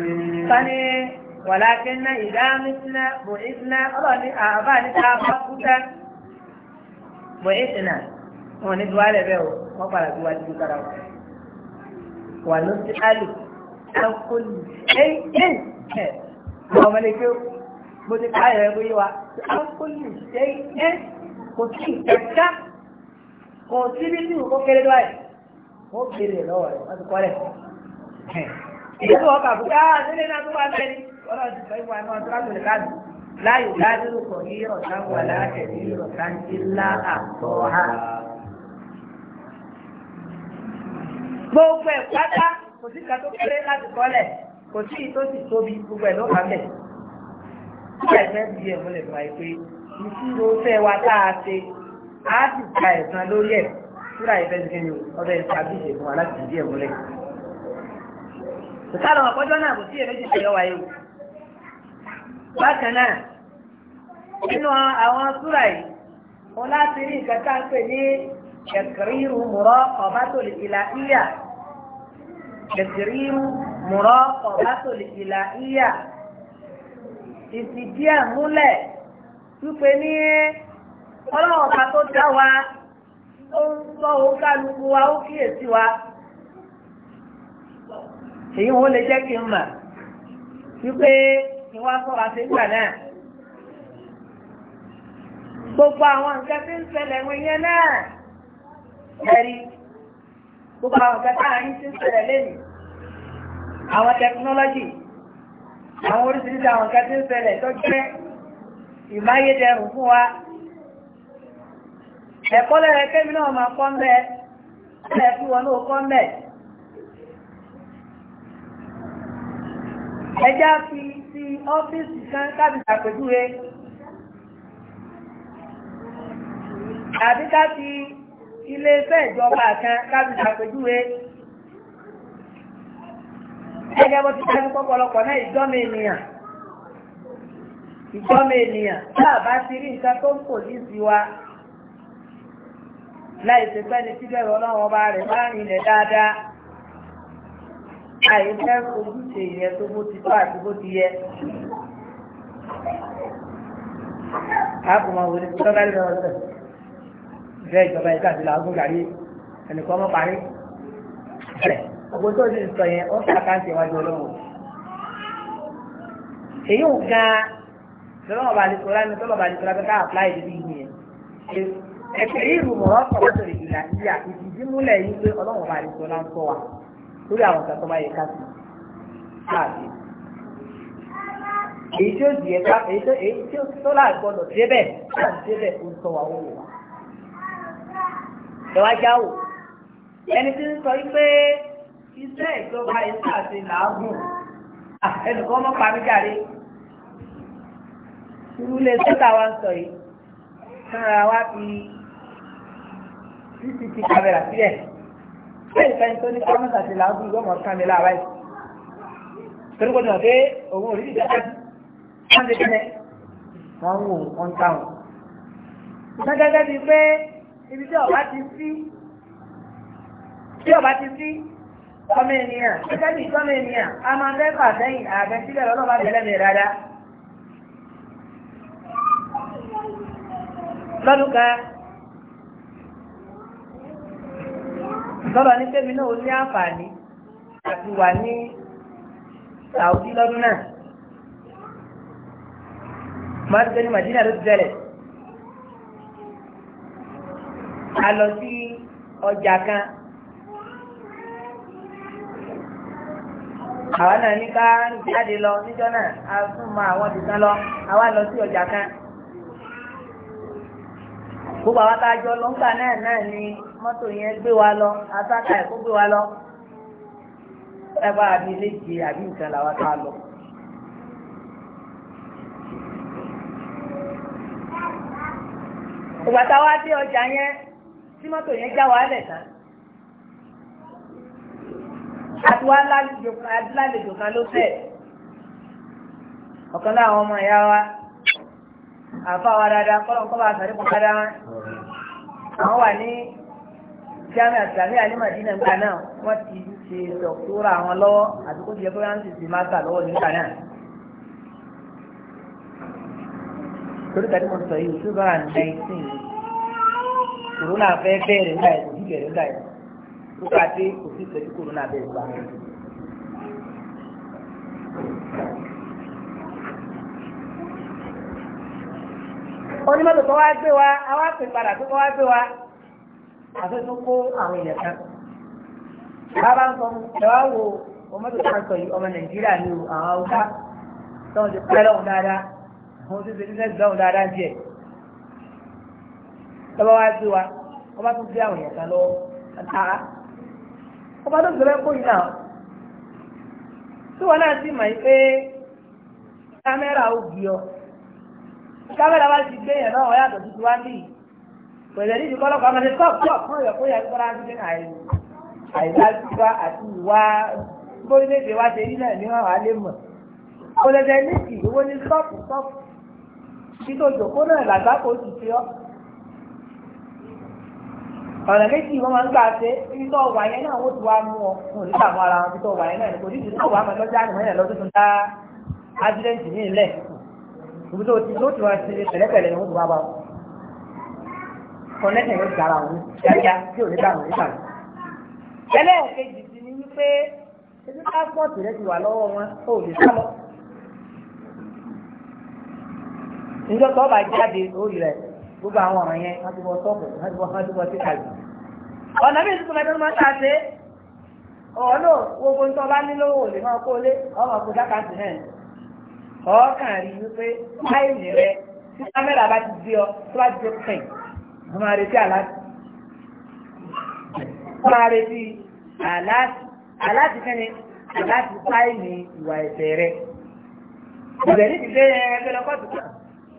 wàlákínná ìdámísínà bòísínà ọlọ́ni àbá ní ta bá kú tán bòísínà wọn ní tiwa lẹ́bẹ̀ o wọ́n padà bí wájú kára wọn. wà ló ti àlù ẹ̀kọ́ lù ẹ̀yìn ẹ̀ àwọn ọmọ lẹ́kẹ́ bó ti káyọ̀ ẹ̀ bóyá wa ẹ̀kọ́ lù ẹ̀yìn ẹ̀ kò sí ìtẹ̀ká kò sí bí tí kò kéré lọ́wọ́ ẹ̀ kéré lọ́wọ́ ẹ̀ wọ́n ti kọ́ lẹ̀. ìyá tó wọ́n kà fún yàrá sílẹ̀ ah, náà tó wà bẹ́ẹ̀ ni ọlọ́run ti sọ ìwà náà tó láti lè káàdì láyò ládùúgbò kò ní ọ̀sán wà láàkẹ́ gbogbo ẹ̀ pátá kò sí ìka tó kéré láti kọ́lẹ̀ kò sí ìtó sì tóbi gbogbo ẹ̀ ló kà mẹ́. Nígbà ìfẹ́ bí ẹ̀ mo lè fà é pé ìṣirò fẹ́ wa tá a ṣe á sì ka ẹ̀san lórí ẹ̀ síra ìfẹ́ ti kéde ọbẹ̀ tàbí ìṣègùn aláti ìdí ẹ̀ múlẹ̀. Ìsáàlọ̀ ọ̀pọ̀jọ́ náà kò sí èméjì ṣe yọwà yóò. Bákan náà, nínú àwọn súra yìí, òun láti rí nǹkan tá a pè ní ẹ̀kírí ìrùmùrọ̀ ọ̀bátòlì ìlà ìyà tẹ̀sírímù mùrọ̀ ọ̀bátòlì ìlà ìyà ìfìdí ẹ̀ múlẹ̀ wípé ní ọlọ́wọ́ ká tó dá wa ó ń sọ òun kálukú wa ó kíyèsí wa èyí wọn lè jẹ́ gbogbo àwọn nǹkan tí ń ṣẹlẹ̀ wọ̀nyẹn náà ẹ̀rí gbogbo àwọn kẹta àárín tí ń ṣẹlẹ̀ lẹ́yìn àwọn tẹkinọ́lọ́jì àwọn oríṣiríṣi àwọn kẹta ń ṣẹlẹ̀ tó jẹ́ ìmáyédẹrùn fún wa ẹ̀kọ́ lẹ́rẹ̀ kẹ́mi náà máa kọ́ ń bẹ́ ẹ̀ fún wọn náà kọ́ ń bẹ́ ẹjá fi sí ọ́fíìsì kan tàbí àbíká ti iléeṣẹ́ ìjọba kan láti ṣàpèjúwe ẹgbẹ́ bó ti dájú pọ́pọ́lọpọ̀ náà ìjọ́mọ ènìyàn ìjọ́mọ ènìyàn tá a bá ti rí nǹkan tó ń pò ní sí wa láì ṣe pẹ́ni tí bẹ́ẹ̀ ọlọ́run ọba rẹ̀ bá rìnlẹ̀ dáadáa àìfẹ́ ojúṣe yẹn tó bó ti tó àti bó ti yẹ. a kò mọ̀ wòlé tó tọ́lá lọ́wọ́ lọ́wọ́ ìfẹ́ ìjọba ẹ̀ka àti làágùn gàrí ẹnìkan mọ́ parí. ọ̀pọ̀ tó ti sọ yẹn ó sàkà ń tẹ̀wájú ọlọ́run. èyí ò gan lọ́wọ́ bá lè sọ́ra ẹni tọ́lọ́ bá lè sọ́ra pé ká àpláì ìdíbí yìí yẹn. ẹ̀kẹ́ yìí rù mọ́ ọ̀pọ̀ tó lè gbìyà ìyà ìdíjí múlẹ̀ yìí pé ọlọ́run bá lè sọ́ra ń sọ wa lórí àwọn ìgbà tó bá yẹ ká káàkiri èyí tí ó dìé ká èyí tó láàgbọ́dọ̀ débẹ̀ láti débẹ̀ ó ń sọ wa ó wò ẹwà jáwò ẹni tí ń sọ wípé iṣẹ́ ìjọba iṣẹ́ àti làágùn ẹnìkan mọ́ pa mí jàre irú ilé sọ́tà wa ń sọ yìí sára wa fi cctv kámẹ́rà sílẹ̀ ṣé ìfẹ́ni tó ní kámẹ́rà àti làágùn gbọ́mọ̀ kan mi lára yìí torí kò dùn pé òun ò rí ìjọba wọ́n ti tẹ́lẹ̀ wọ́n ń wò wọ́n ń táwọn. gẹ́gẹ́ bíi pé ibi tí ọba ti sí tí ọba ti sí ọmọ ènìyàn gẹ́gẹ́ ìtọ́mọ ènìyàn a máa ń fẹ́ fà sẹ́yìn ààbẹ̀ sílẹ̀ lọ́lọ́ba bẹ̀rẹ̀ mi dáadáa. lọ́dún kan lọ́dọ̀ ní pé mi náà ó ní àǹfààní àti wà ní Saudi lọ́dún náà. máa ń gbé ní Madina ló ti tẹ́lẹ̀. a lọ sí ọjà kan àwa náà ní ká jáde lọ níjọ́ náà a fún ma àwọn lọ àwa lọ sí ọjà kan gbogbo àwọn akájọ ló ń gbà náà náà ni mọ́tò yẹn gbé wa lọ asáka ẹ̀kọ́ gbé wa lọ ẹgbẹ́ àbí léje àbí nǹkan làwọn ká lọ. ìgbà táwa dé ọjà yẹn. tí mọ́tò yẹn já wa lẹ̀ tán. àti wá lálejò kan ló fẹ́ ọ̀kan láwọn ọmọ ìyá wa àfa wa dáadáa kọ́lọ́n kọ́ bá sàrí kan dáadáa wọn. àwọn wà ní jami àtìlámì àní Madina ńgbà náà wọ́n ti ṣe dọ̀kúrà àwọn lọ́wọ́ àti kó jẹ́ pé wọ́n ti ṣe máa gbà lọ́wọ́ nígbà náà. torí kàdí mo sọ yìí two thousand nineteen kòrónà fẹ́ bẹ̀rẹ̀ ńlá yẹn kò sí ńlá yẹn kó ká dé kò sí ìṣẹ́jú kòrónà gbà. wa tó wá wa tó kó àwọn èèyàn kan. bàbá ń sọ ẹ wá wo ọmọdé tó ń sọ yìí ọmọ nàìjíríà ni àwọn tó ń pẹ́ lọ́hùn dáadáa lọ́ba wá gbé wa ọba tó gbé àwọn èèyàn kan lọ́wọ́ àtàrà ọba tó gbé lẹ́kọ̀ọ́ yìí náà tí wọn náà sì mọ̀ yìí pé kámẹ́rà ó gbé ọ kámẹ́rà wá ti gbé yẹn náà wọ́n yàtọ̀ tuntun wá níyì pẹ̀lẹ́ ní ìdíkọ́ lọ́kọ̀ ọmọdé tọ́pù tọ́pù fún ìyọ̀kọ́ yà kọ́ra ní ní àìdájúwá àti ìwà bórílẹ̀-èdè wa ṣe rí náà ní wọn wà lé mọ̀. kò ní ìdíwọ́ ní tọ́pù tọ́pù kí tó náà làgbákò ti fi ọ́ ọ̀nà méjì wọ́n máa ń gbà ṣe ibi tó wà yẹn náà wọ́n ti wá mú ọ òun nígbà ara wọn ibi tó wà yẹn náà kò ní ìdílé wà máa lọ́jà àná mọ́yàn lọ́dún tó ń dá ádírẹ́ǹtì ní ilẹ̀ ibi tó ti tó ti wọn ti pẹ̀lẹ́pẹ̀lẹ́ ni wọ́n ti wá bá wọn. kọ́nẹ́tẹ̀ yóò gara òun kíákíá tí ò ní dànù nígbà mi. ẹlẹ́ẹ̀kejì ti ní wípé ebi pásítọ̀tì rẹ ti wà lọ́wọ́ wọn ó lè sá lọ. níjọ́ gbogbo àwọn ọ̀ràn yẹn wọ́n ti bọ́ sọ́ọ̀bù wọ́n ti bọ́ wọ́n ti bọ́ sí kàlù. ọ̀nà bí ìtútù mẹ́tọ́ máa ń ta ṣe ọ̀nà gbogbo nǹkan bá ní lówó lè máa kó lé ọmọ kó dáka sí náà ọ̀ọ́kàn rí wípé láìní rẹ tí kámẹ́rà bá ti di ọ tó bá ti di pẹ̀ mo máa retí aláàtì mo máa retí aláàtì aláàtì kẹ́ni aláàtì láìní ìwà ẹ̀ṣẹ̀ rẹ ìbẹ̀rẹ̀ ti dé ẹgbẹ́ lọ́kọ̀tù kan.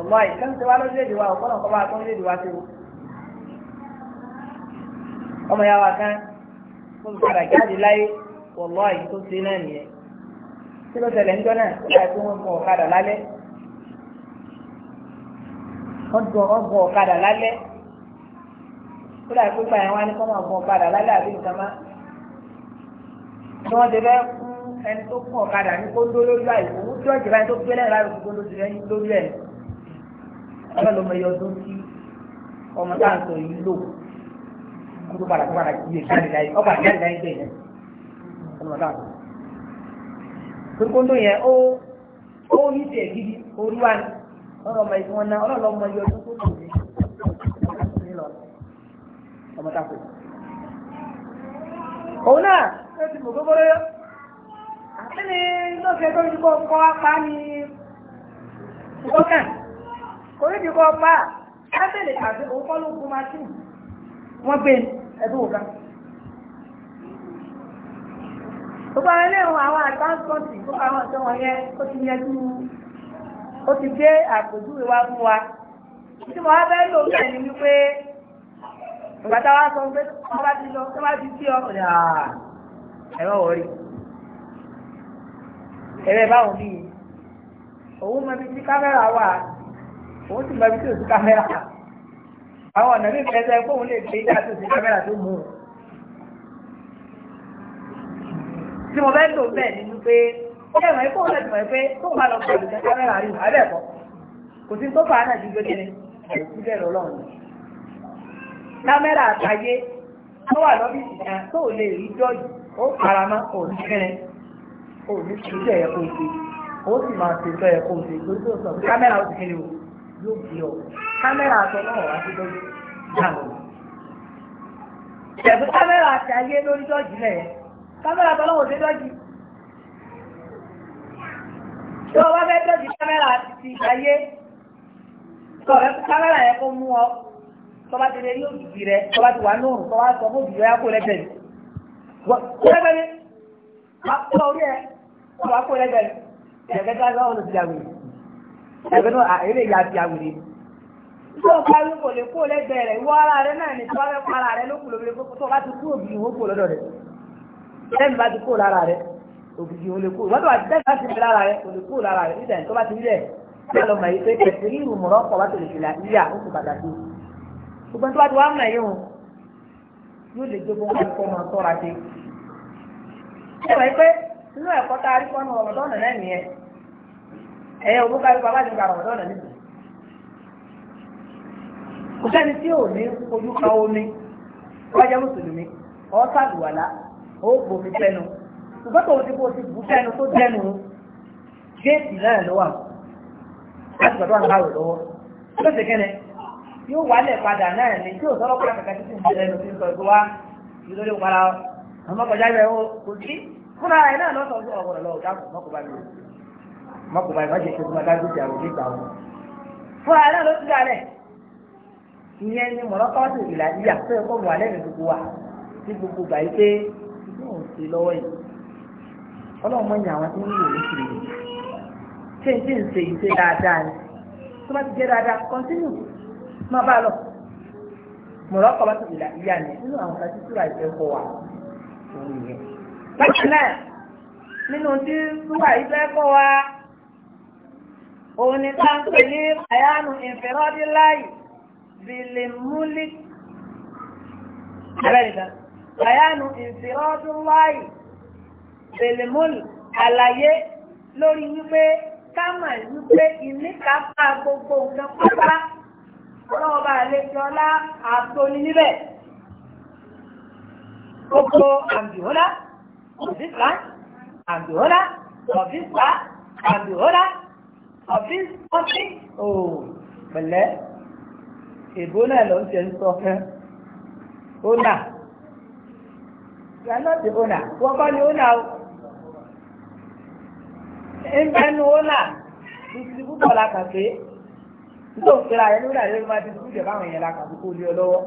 ọ̀gbọ́n àìsàn ti wá lórílẹ̀-èdè wa ọ̀pọ̀lọpọ̀ kọ́ bá a kọ́ lórílẹ̀-èdè wa ti wò. ọmọ ya wa kan tó ti padà jáde láyé wọ̀lọ́ àyè tó ṣe náà nìyẹn. tí ló ṣẹlẹ̀ níjọ́ náà ó yà kí wọ́n gun ọ̀kadà lálẹ́. wọ́n gun ọ̀kadà lálẹ́. ó dà pé pààyàn wa ní kọ́ máa gun ọ̀kadà lálẹ́ àbí nǹkan má. tí wọ́n ti fẹ́ fún ẹni tó gun ọ̀kadà ní kóńdó lórí àyè òun tó ìjìbá ẹni tó gbé lẹ́yìn láàrú kóńdó ti rẹ́ lórí ẹ̀ ọlọ́run ló mọ ọdún tí ọmọ tá sọ yìí lò kó padà tó padà yé jáde láyé ọkọ̀ àti jáde láyé bẹ́ẹ̀ yẹn ọmọ tá sọ. kókóńtó yẹn ó ó ní tiẹ̀ gidi orí wa ni ọlọ́run ọmọ wọn kò ní ìdíkọ́ pa ẹ́sẹ̀lẹ̀ tàbí òun kọ́ ló gun machine wọ́n gbé ẹ̀dùn òga. gbogbo àwọn ilé ìwọ̀n àwọn àtàkọ́ǹtì gbogbo àwọn ọ̀sẹ̀ wọn yẹn ó ti yẹjú ó ti dé àpèjúwe wá fún wa. tí mo wá bẹ́ẹ̀ lò bẹ́ẹ̀ ni wípé ìgbà táwa sọ pé wọ́n bá ti lọ wọ́n bá ti tí ọ ọ̀dà ẹ̀rọ wọ̀rí ẹ̀rẹ̀ báwọn bíi òun mọ ibi tí kámẹ́rà wà. òun sì mọ ibi tí ò sí kámẹ́rà àwọn ọ̀nà bíi ẹsẹ̀ fóun lè gbé dáa tó si kámẹ́rà tó mú un. tí mo bẹ́ lò bẹ́ẹ̀ nínú pé ṣé ìmọ̀ ikú ọ̀sẹ̀ tìmọ̀ pé tó bá lọ pẹ̀lú ìjọba kámẹ́rà rí ìwà bẹ́ẹ̀ kọ́ kò sí tó fà á náà ti gbé kiri kò sí bẹ́ẹ̀ lọ́lọ́run. kámẹ́rà àtàyé tó wà lọ́fíìsì kan tó lè rí jọ́ọ̀jì ó o ṣe ó sì máa o tó sọ kámẹ́rà yóò fi ọ kámẹ́rà àtọ náà wá sí lórí ìdáná ìṣẹ̀bí kámẹ́rà àti ayé lórí dọ́jì lẹ̀ kámẹ́rà àtọ náà wò sí dọ́jì tí wọ́n bá fẹ́ dọ́jì kámẹ́rà àti ti ayé tọ́ ẹ kámẹ́rà yẹn kó mú ọ tọ́ba ti lè rí òjijì rẹ tọ́ba ti wà lóòrùn tọ́ba sọ fún òjijì rẹ kó lẹ́gbẹ̀ẹ́ rẹ kó lẹ́gbẹ̀ẹ́ rẹ kó ẹgbẹ́ náà eré ìyá ti àwìrè tó o parí kò lè kó lẹ́gbẹ̀ẹ́ rẹ̀ ìwọ ara rẹ̀ náà ní tọ́lẹ́ kó ara rẹ̀ ló kù lóbi tó o bá ti kú òbí ìwọ kò lọ́dọ̀ rẹ̀ lẹ́nu bá ti kó lára rẹ̀ òbí ìwọ lè kó ìwọ́n tó bá ti tẹ́sán ti fi lára rẹ̀ kò lè kó lára rẹ̀ nígbà tó bá ti rí ẹ̀ kí ló mọ̀ yìí ẹ̀yẹ òun bá bá láti gba ọ̀dọ́ ọ̀nà níbi. kò sẹ́ni tí ò ní ojú ka omi wájà mùsùlùmí ọ̀ọ́sà àdùwàlá ó gbòmí sẹ́nu ṣùgbọ́n tòun ti bó ti bù sẹ́nu tó dẹnu géètì náà ló wà láti gbàdúrà ń báwò lọ́wọ́ ló ṣe kẹ́nẹ̀ yóò wálẹ̀ padà náà ní tí ò sọ́rọ́ pé àkàkà títí ń bẹ̀rẹ̀ lọ sí sọ ìgbó wa ìlórí ìpara ọmọkọjá rẹ̀ ó kò sí fúnra ẹ̀ náà lọ́sọ̀ọ́sọ̀ ọ̀gbọ̀n lọ́wọ́ dáàbò mọ́kò bá mi mọ́kùnbá ìbáṣe ṣe fún adájú ìjà òní ìgbà wọn. fún ara ló ti dalẹ̀ ìyẹn ni mọ̀lọ́kọ́tù ìlà ìyà tó kó wà lẹ́nu gbogbo wa ní gbogbo gbà yìí pé yóò ṣe lọ́wọ́ yìí ọlọ́run mọ̀ ní àwọn tí wọ́n lò ní kiri ṣé n ṣe ń ṣe ìṣe dáadáa ni tó bá ti jẹ́ dáadáa kọ́ntínú má bá lọ mọ̀lọ́kọ́tù ìlà ìyà ni nínú àwọn kan tí túra nínú tí túwà ìfẹ́ kọ wa òun ni bá ń pè ní àyánu ìfẹ́rọ́díláì bìlìmúlì àyánu ìfẹ́rọ́díláì bìlìmúlì àlàyé lórí wípé kámà wípé ìníkàpá gbogbo nǹkan pátá ọlọ́ọ̀bá àlejò ọlá àtòní níbẹ̀ gbogbo àǹdìhólá ọ̀dísà àǹdìhólá ọ̀dísà àǹdìhólá ọ̀bí ọ̀bí ò pẹ̀lẹ́ èbó náà ló ń ṣe ń sọ fẹ́ ọ̀nà yàrá ti ọ̀nà wọ́n kọ́ ni ọ̀nà o ẹnu ọ̀nà títí púpọ̀ la kà pé nítorí pé ara ẹni ọ̀nà lórí máa ti kú jẹ̀ báwọn èèyàn la kà pé kó lé ọ lọ́wọ́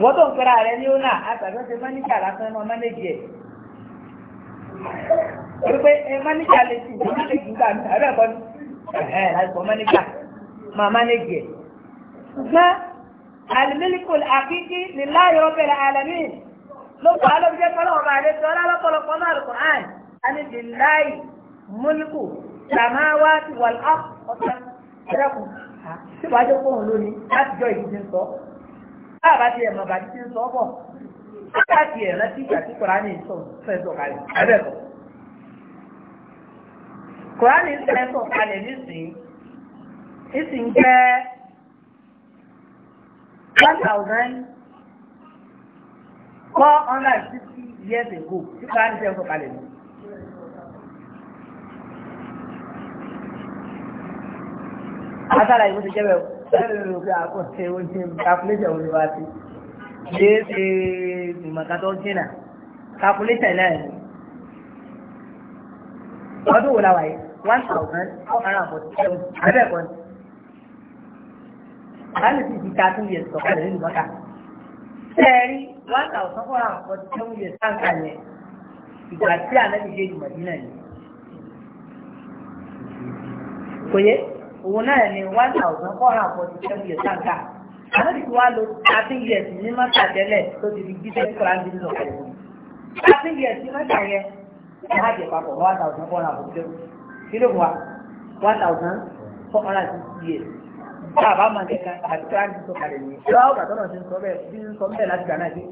wọ́n tó ń pẹ́ra rẹ ní ọ̀nà àtàgbẹ́sẹ̀ mọ́níkà lásán náà mọ́nẹ́jì ẹ̀ pé ẹ eh, mánéjà lè ti ìjọba lè jù gbàgbé àbẹ́ ẹ̀kọ́ ni ẹ̀hẹ́ àìsàn mánéjà máa mánéjì ẹ̀. ṣùgbọ́n àlùmílíkù àkíkí ní láàyò ọbẹ̀rẹ̀ àlẹ́mí ló kọ́ alóbìjẹ́ kọ́lọ́ ọba àlẹ́ tí ọlá lọ́pọ̀lọpọ̀ náà lọ́kọ̀ àn àni di láì múlíkù làmáwá ti wà ọ̀sán ẹ̀rẹ́kù wàá jẹ́ kóhùn lónìí láti jọ ìdí kùránì sẹ́sọ̀ kalẹ̀ nísìn nísìn jẹ́ one thousand four hundred and years ago tí kùránì sẹ́sọ̀ kalẹ̀ ní. Àtàrà ìwé ti jẹ́ bẹ̀rù, ẹ̀rọ ìrògbé àkọsẹ̀ oúnjẹ calculation university léèṣe ìmọ̀kátọ́ jìnà calculator náà ni ọdún wo la wáyé one thousand four hundred and forty seven abẹ́ẹ̀kọ́ ni. Àbálẹ̀ ti di thirteen years sọ̀kalẹ̀ nínú mọ́ta. Sẹ́ẹ̀rí one thousand four hundred and forty seven years sáǹkà yẹn ni one thousand four hundred and forty seven years sáǹkà. Ànábì ti wá lò thirteen years ní mọ́ta tẹ́lẹ̀ tó ti di jíjẹ́ ní Kọ́lá ń bí sọ̀kalẹ̀. Thirteen years ní one thousand four hundred and forty seven. kílò wa one thousand four hundred and sixty eight bá a ah, bá máa ní ká àti àti sọ kalẹ̀ ní. ìlú àwọn bàtọ́ náà ti ń sọ bẹ́ẹ̀ bí ń sọ bẹ́ẹ̀ láti gbà náà sí.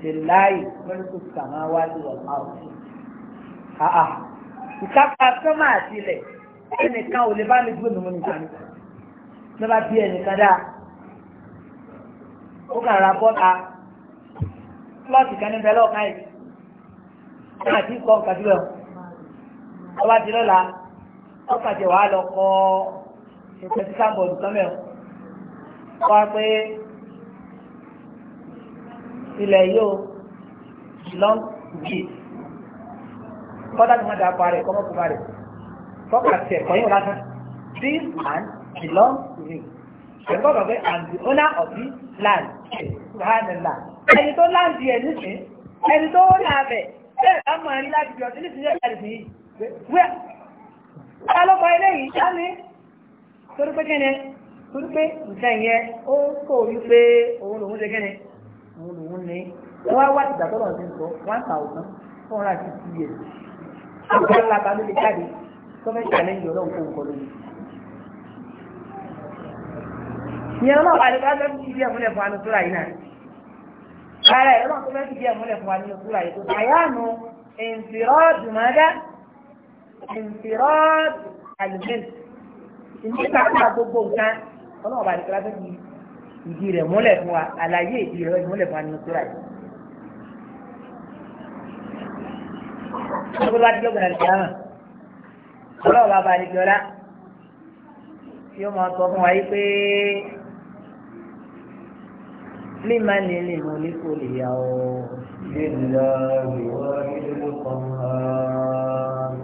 ṣe láàyè lọ́dún tó kà máa wá sí wọn máa wọ̀. àà ìkápá sọ́mà àti ilẹ̀ ẹnìkan ò lè bá mi gbé mímú nìkan ní. ló bá bí ẹnìkan dáa ó kàn ra bọ́ta plọ́ọ̀tì kan níbẹ̀ lọ́ọ̀ká yìí. wọ́n àti kọ́ nǹkan jùlọ. ọba ti lọ́la wọ́n pàṣẹ wàá lọ kọ́ ìpẹ́sítà bọ̀dù sọ́mẹ̀ wá pé ilẹ̀ yóò long jì kọ́dá ni wọ́n da apá rẹ̀ kọ́mọ́ kúmá rẹ̀ tọ́ka tẹ̀ kọ́yìn lásán this man belong to me ẹ̀gbọ́n bàbá pé I'm the owner of this land subhanallah ẹni tó láǹdì ẹ̀ nísìnyí ẹni tó rí abẹ bẹ́ẹ̀ bá mọ̀ ẹni láti bí ọdún nísìnyí ẹ̀ ta ló mọ eléyìí já ní torí pé kí ni torí pé nǹkan yẹn ó kò rí pé òun lòun ṣe kí ni òun lòun ní wọ́n wá ìgbà tó lọ́ọ̀ ti ń sọ one thousand four hundred and fifty years ọ̀gá ńlá ba ló lè jáde gọ́ọ̀mẹ̀ntì àlẹ́yìn ọlọ́run kò ń kọ lónìí. ìyẹn náà wà ní ká fẹ́ fi díẹ̀ fún anusúra yìí náà ara ẹ̀ lọ́nà tó ìfìrọ́d àlùmẹ́ǹtì ìdíkà fún gbogbo nǹkan ọlọ́run bá ní kíláàsì di ìdí rẹ̀ múlẹ̀ fún wa àlàyé ìdí rẹ̀ múlẹ̀ fún wa nínú sóra yìí. ọlọ́run bá ti lọ́gbọ̀n àti kíláàmà ọlọ́run bá bá ní kíọ́lá tí ó máa sọ fún wa yìí pé lima ni lè mọ ní kò lè yà ọ́. Ilé ìlànà ìwà ilé ìwòsàn náà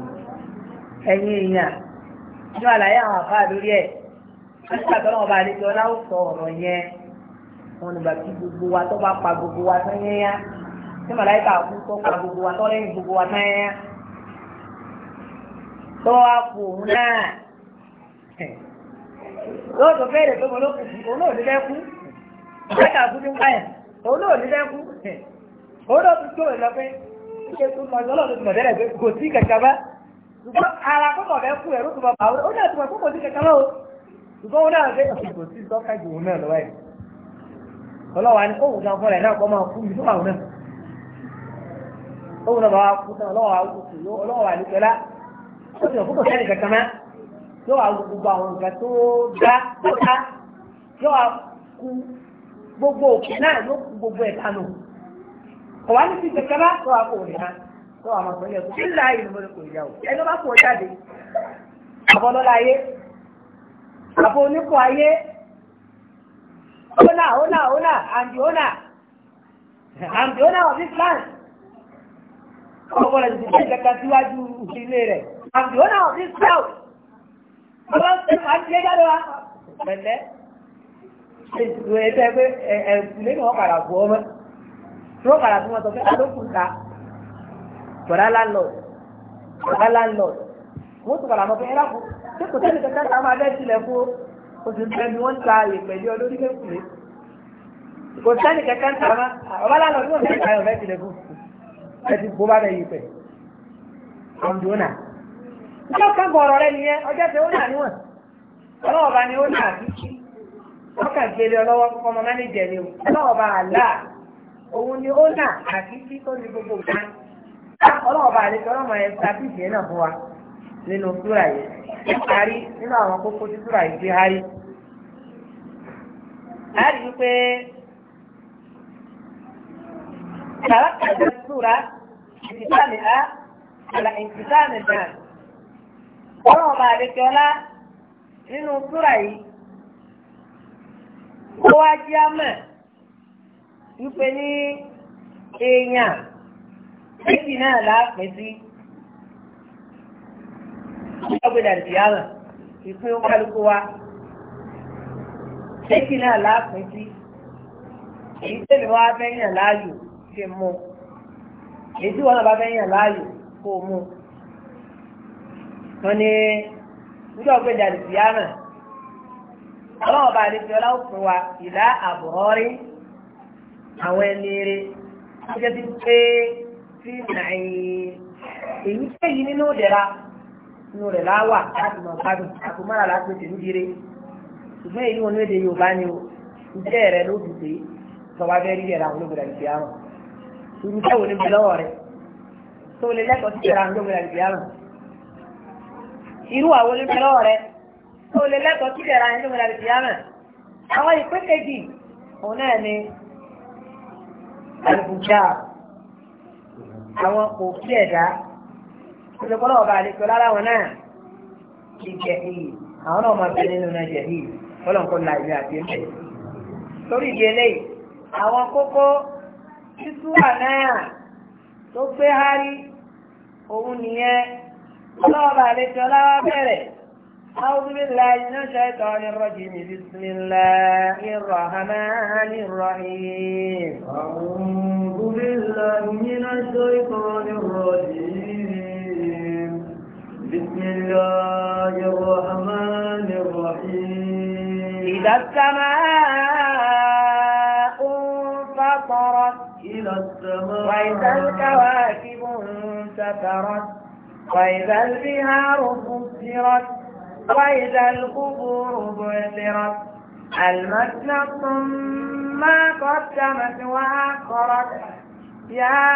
ẹ̀yin èèyàn inú àlàyé àwọn àbá lórí ẹ̀ nígbà tó náà bá a lè jọ láwùsọ ọ̀rọ̀ yẹn wọn nígbà tí gbogbo wa tó bá pa gbogbo wa tán yẹn yá tí màláìka kú tó pa gbogbo wa tó lẹ́yìn gbogbo wa tán yẹn yá tó wá kù òun náà yóò tó fẹ́rẹ̀ pé òun náà ní fẹ́ kú màláìka kú tó ń báyà òun náà ní fẹ́ kú òun náà tó tó ìlọ pé ṣíṣe tó mọ ìlọ́lọ́ tó mọ̀ tẹ́lẹ̀ pé kò sí kẹ̀kẹ́ bá ṣùgbọ́n ara kọ́kọ́ bẹ́ẹ̀ kú ẹ̀rú tó bá bá ó náà tó bá kókò sí kẹ̀kẹ́ lọ́wọ́ ṣùgbọ́n wọn náà dé ọ̀sìnkò sí sọ́kà jù wọn náà lọ́wọ́ ẹ̀ ọlọ́wà ni òun náà fọ́lẹ̀ náà kọ́ máa kú mi fún àwọn náà òun náà bá wá kú tán ọlọ́wà kùtù ọlọ́wà ní pẹ́lá ó sì fún kò sẹ́ni kẹ̀kẹ́ mẹ́ yóò wá gbogbo àwọn nǹkan tó dá tó dá yóò wá kú gbogbo òkè náà yóò kú gbogbo ẹ̀ kánú kọ̀wá ní ti kẹ̀kẹ́ bá yóò wá kó òun náà tó àwọn ọ̀sán yẹn kí láàyè ni mo lè kò ìyàwó ẹni bá kò ó jáde àbọ̀lọ́lá ayé àbọ̀ oníkọ̀ ayé ọ̀nà ọ̀nà ọ̀nà àǹdí ọ̀nà àǹdí ọ̀nà of Islam ọ̀pọ̀lọpọ̀ ti ṣe kẹta síwájú ilé rẹ̀ àǹdí ọ̀nà of Islam ọ̀pọ̀lọpọ̀ ti máa ń ṣe jáde wa pẹ̀lẹ́ ètò ẹ̀ẹ́dẹ́gbẹ́ ẹ̀ẹ́dẹ́gbẹ́ ẹ̀ẹ́dẹ́gbẹ́ ọ̀pàdà bọ̀ ọmọ tí wọ́n padà fún wọn sọ pé alókùnta bọ̀dá landlord bọ̀dá landlord wọ́n tún padà mọ́ pé ẹ̀rá fún ṣé kò sẹ́ni kankan tá a máa bẹ́ẹ̀ sílẹ̀ fún oṣù tẹ́lẹ̀ ni wọ́n ta ìpẹ̀lú olórí kò máa ọba wọ́n bó bá yí ọ̀dùnà. ọjọ́ rẹ nìyẹn ọjọ́ tẹ ọlọ́ọ̀ba ni ọkà gbélé ọlọ́wọ́ ni ọlọ́ọ̀ba àlá ọlọ́ọ̀bá àlejò ọlọ́mọ ẹ̀ sábìsì náà fún wa nínú súrà yìí parí nínú àwọn kókó tí yìí fi ha a rí i pé kàràkàtà súrà ìtìsáàmì á àlà ìtìsáàmì náà ọlọ́ọ̀bá àlejò nínú súrà yìí kó wá jí á mọ̀ wípé ní èèyàn. méjì náà láàpín sí ọgbẹ̀dà ìdíyàrá ìpín kálukú wa méjì náà láàpín sí èyí tẹ̀lé wa fẹ́ yàn láàyò ṣe mú èyí tí wọn náà bá fẹ́ yàn láàyò kó mú wọn ni nígbà ọgbẹ̀dà ìdíyàrá ọlọ́wọ́ bá àdéjọ́ ọlọ́wọ́ fún wa ìlà àbọ̀rọ́rí àwọn ẹni eré wọ́n jẹ́ ti pé fi nàìyí èyí kéyìí nínú ìdẹ̀ra inú rẹ̀ láwà láti mọ̀ gbádùn àkómọ́ra láti tèmi dire ṣùgbọ́n èyí wọn ní èdè Yorùbá ni o iṣẹ́ rẹ̀ ló dùn pé sọ̀wá bẹ́ẹ̀ rí ìdẹ̀ra àwọn olóògbé àgbègbè àrùn irúfẹ́ wo ni bí lọ́wọ́ rẹ̀ tó lè lẹ́kọ̀ọ́ sí ìdẹ̀ra àwọn olóògbé àgbègbè àrùn irú àwọn olóògbé lọ́wọ́ rẹ̀ tó lè lẹ́kọ̀ọ́ sí ìdẹ̀ra àwọn olóògbé àgbègbè àrùn àwọn ìpín kejì òun náà ni àlùbùjá àwọn kò fi ẹ̀dá olùkọ́lọ́ ọba àlejò láláwọn náà ti jẹ àwọn ọmọ máa nínú náà jẹ ọlọ́nkọ́ la ìwé àti ẹ̀mẹ́. torí ìdí eléyìí àwọn kókó títúwà náà tó gbé hárí òun nìyẹn أعوذ بالله من الشيطان الرجيم بسم الله الرحمن الرحيم أعوذ بالله من الشيطان الرجيم بسم الله الرحمن الرحيم إذا السماء انفطرت إلى السماء وإذا الكواكب انتثرت وإذا البهار فسرت وإذا القبور بعثرت المسنى ثم قدمت وأخرت يا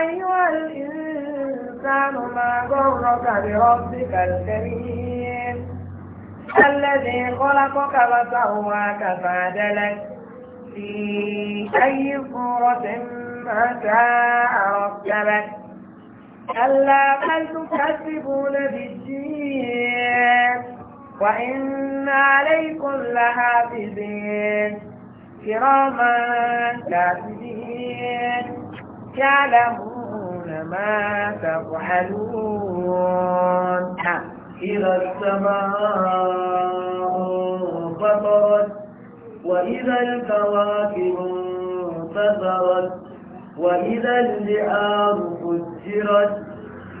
أيها الإنسان ما غرك بربك الكريم الذي خلقك وسواك فعدلك في أي صورة ما شاء ركبك ألا بل تكذبون بالدين وإن عليكم لحافظين كراما كاتبين يعلمون ما تفعلون إذا السماء فطرت وإذا الكواكب انتصرت وإذا البئار فجرت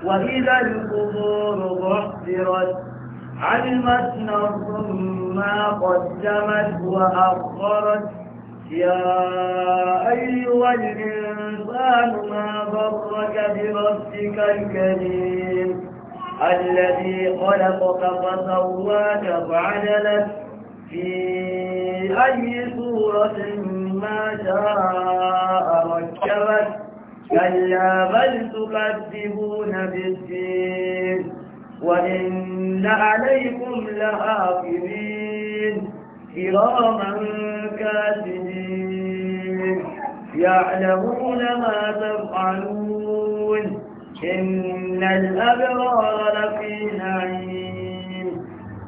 وإذا القبور بحثرت علمت نفس ما قدمت وأخرت يا أيها الإنسان ما برك بربك الكريم الذي خلقك فسواك فعدلت في أي صورة ما شاء ركبت كلا بل تكذبون بالدين وإن عليكم لحافظين كراما كاتبين يعلمون ما تفعلون إن الأبرار لفي نعيم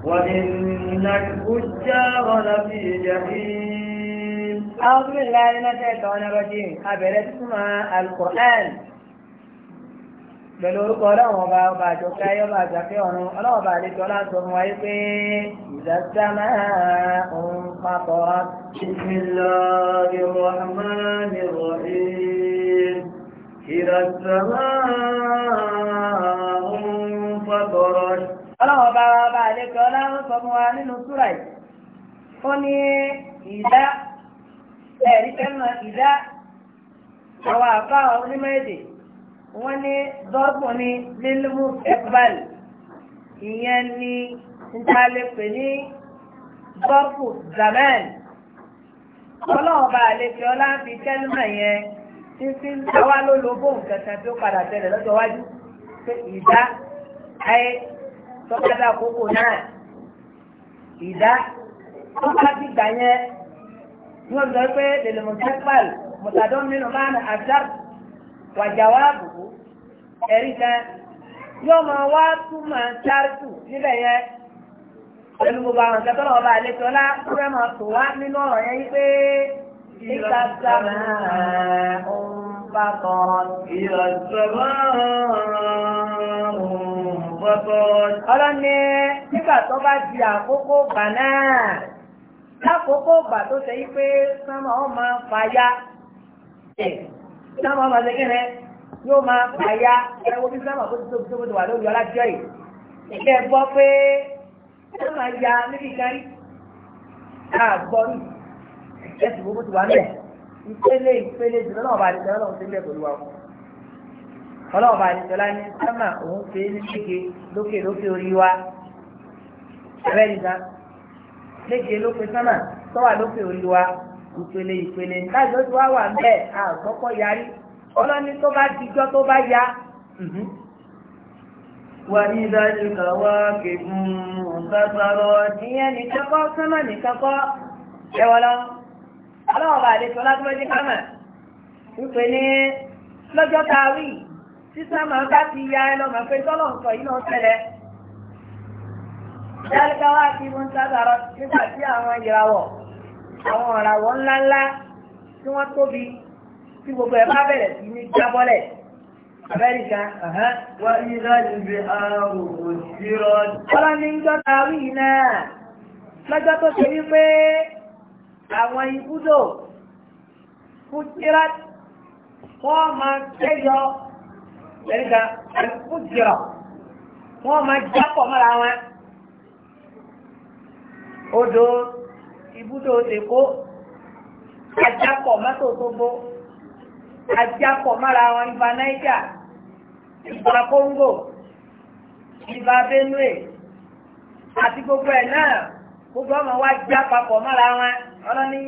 وإن الفجار لفي جحيم أعوذ بالله من الشيطان الرجيم أبرزكما القرآن pẹ̀lú orúkọ ọlọ́run ọba ọba àjọkẹ́ ayọ́ba àjọkẹ́ ọ̀run ọlọ́run ọba àlejò ọlọ́sọ fún wáyé pé ìdásá máa ń papọ̀. bismillahir rahmanir rahim ìdásá máa ń papọ̀. ọlọ́run ọba ọba àlejò ọlọ́run sọ fún wa nínú súrà yìí ó ní ìdá ẹ̀rí kẹ́mọ̀ ìdá àwọn àbá onímọ̀ èdè wọ́n ní dọ́ọ̀bù ní lílùmù ẹgbàl ìyẹn ní ntàlẹ́pẹ̀ ní dọ́ọ̀bù zaman ọlọ́ọ̀bà àlejò ọlá fi kẹ́lìmọ̀ yẹn títí àwa ló lo bóun kankan tó padà tẹ̀lé lọ́jọ́ wájú pé ìdá ayé tọ́kadà àkókò náà ìdá tọ́kadà ti yẹn wọ́n sọ pé lèlè mọ̀tẹ́pàl mọ̀tàdọ́mínú máa ń àjá wàjàwá àbùkù ẹ̀rí kan yóò máa wá túmọ̀ ṣáàtù níbẹ̀ yẹn pẹ̀lú gbogbo àwọn ìṣẹ́ tọ́lọ̀ ọba àlejò ọlá kúrẹ́ máa tò wá nínú ọ̀rọ̀ yẹn wípé nígbà sábà ń bá tọ́ ìyà sábà ń bá tọ́. ọlọ́ni nígbà tó bá di àkókò bà lákòókò bà tó ṣe wípé sánmà ó máa fàyà sáàmù ọmọ ṣẹkẹrẹ yóò máa pàyà ẹwọ bí sáàmù àbójú tó tó tó wà lórí ọlájọ yìí kẹ gbọ́ pé ó máa ya níbi kan àgbọ̀ rí ẹsùn gbogbo ti wà nílẹ̀ ìpele ìpele jùlọ náà bá àdìsẹ́ ọlọ́run ti ń bẹ̀ pẹ̀lú wa ọlọ́run bá àdìsẹ́ ọlá ní sáàmù òun ṣe é ní kéke lókè lókè orí wa ẹ̀rẹ́ nìkan léje lókè sáàmù tó wà lókè orí wa ìpele ìpele láti oṣù wa wà bẹ́ẹ̀ àgbọ́kọ́ yarí ọlọ́ni tó bá dijọ́ tó bá ya. wà ní ìdájú kàwá kẹfún ọ̀sásárọ̀ ìyẹn nìkan kọ́ sánmà nìkan kọ́ ẹwọ́ lọ. ọlọ́wọ́ bá àlejò ọlágbọ́njì kámà wípé ní lọ́jọ́ tá a wí sísan máa bá ti ya ẹ lọ́mọ pé tọ́lọ̀ ń sọ yìí náà tẹ́lẹ̀. ìdájú kàwá kẹfún ọ̀sásárọ̀ nígbà tí àwọn ìyàwó àwọn ìràwọ̀ ńláńlá tí wọ́n tóbi tí gbogbo ẹ̀ bá bẹ̀rẹ̀ sí ní jábọ́lẹ̀ Amẹ́ríkà wọ́n yí láti fi àrùn òṣìṣẹ́ ọ̀dọ́ ní ìjọba wí náà lọ́jọ́ tó ṣe wípé àwọn ibùdó fújírà wọ́n máa kẹ́yọ Amẹ́ríkà fújírà wọ́n máa jápọ̀ mọ́ra wọn odò ibùdó èkó ajakọ̀ mọ́tò tógbó ajakọ̀ mára wọn ibà Niger ibà Congo ibà Benue àti gbogbo ẹ̀ náà gbogbo ọmọ wa já papọ̀ mára wọn ọlọ́ni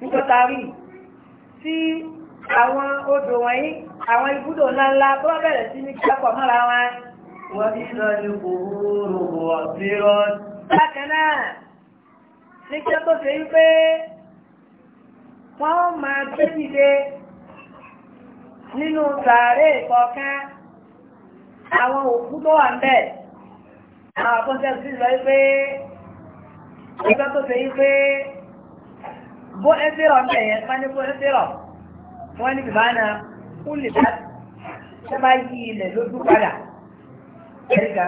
nígbàtà rí tí àwọn odò wọ̀nyí àwọn ibùdó ńláńlá tó wá bẹ̀rẹ̀ sí ní jápọ̀ mára wọn. wọ́n ti lọ ní kòkòrò ọ̀sẹ̀ rọ. bákan náà níṣẹ́ tó ṣe wọ́n máa gbé dìde nínú sàárè kọ̀ọ̀kan àwọn òkú tó wà ń àwọn àkọ́ṣẹ́ sí lọ wípé níṣẹ́ tó ṣe wípé bó ẹ́sẹ̀rọ̀ ń bẹ̀ yẹn pání bó ẹ́sẹ̀rọ̀ wọ́n ní bìbá náà kú lè bá ṣe bá yí ilẹ̀ lójú padà ẹ̀ríkà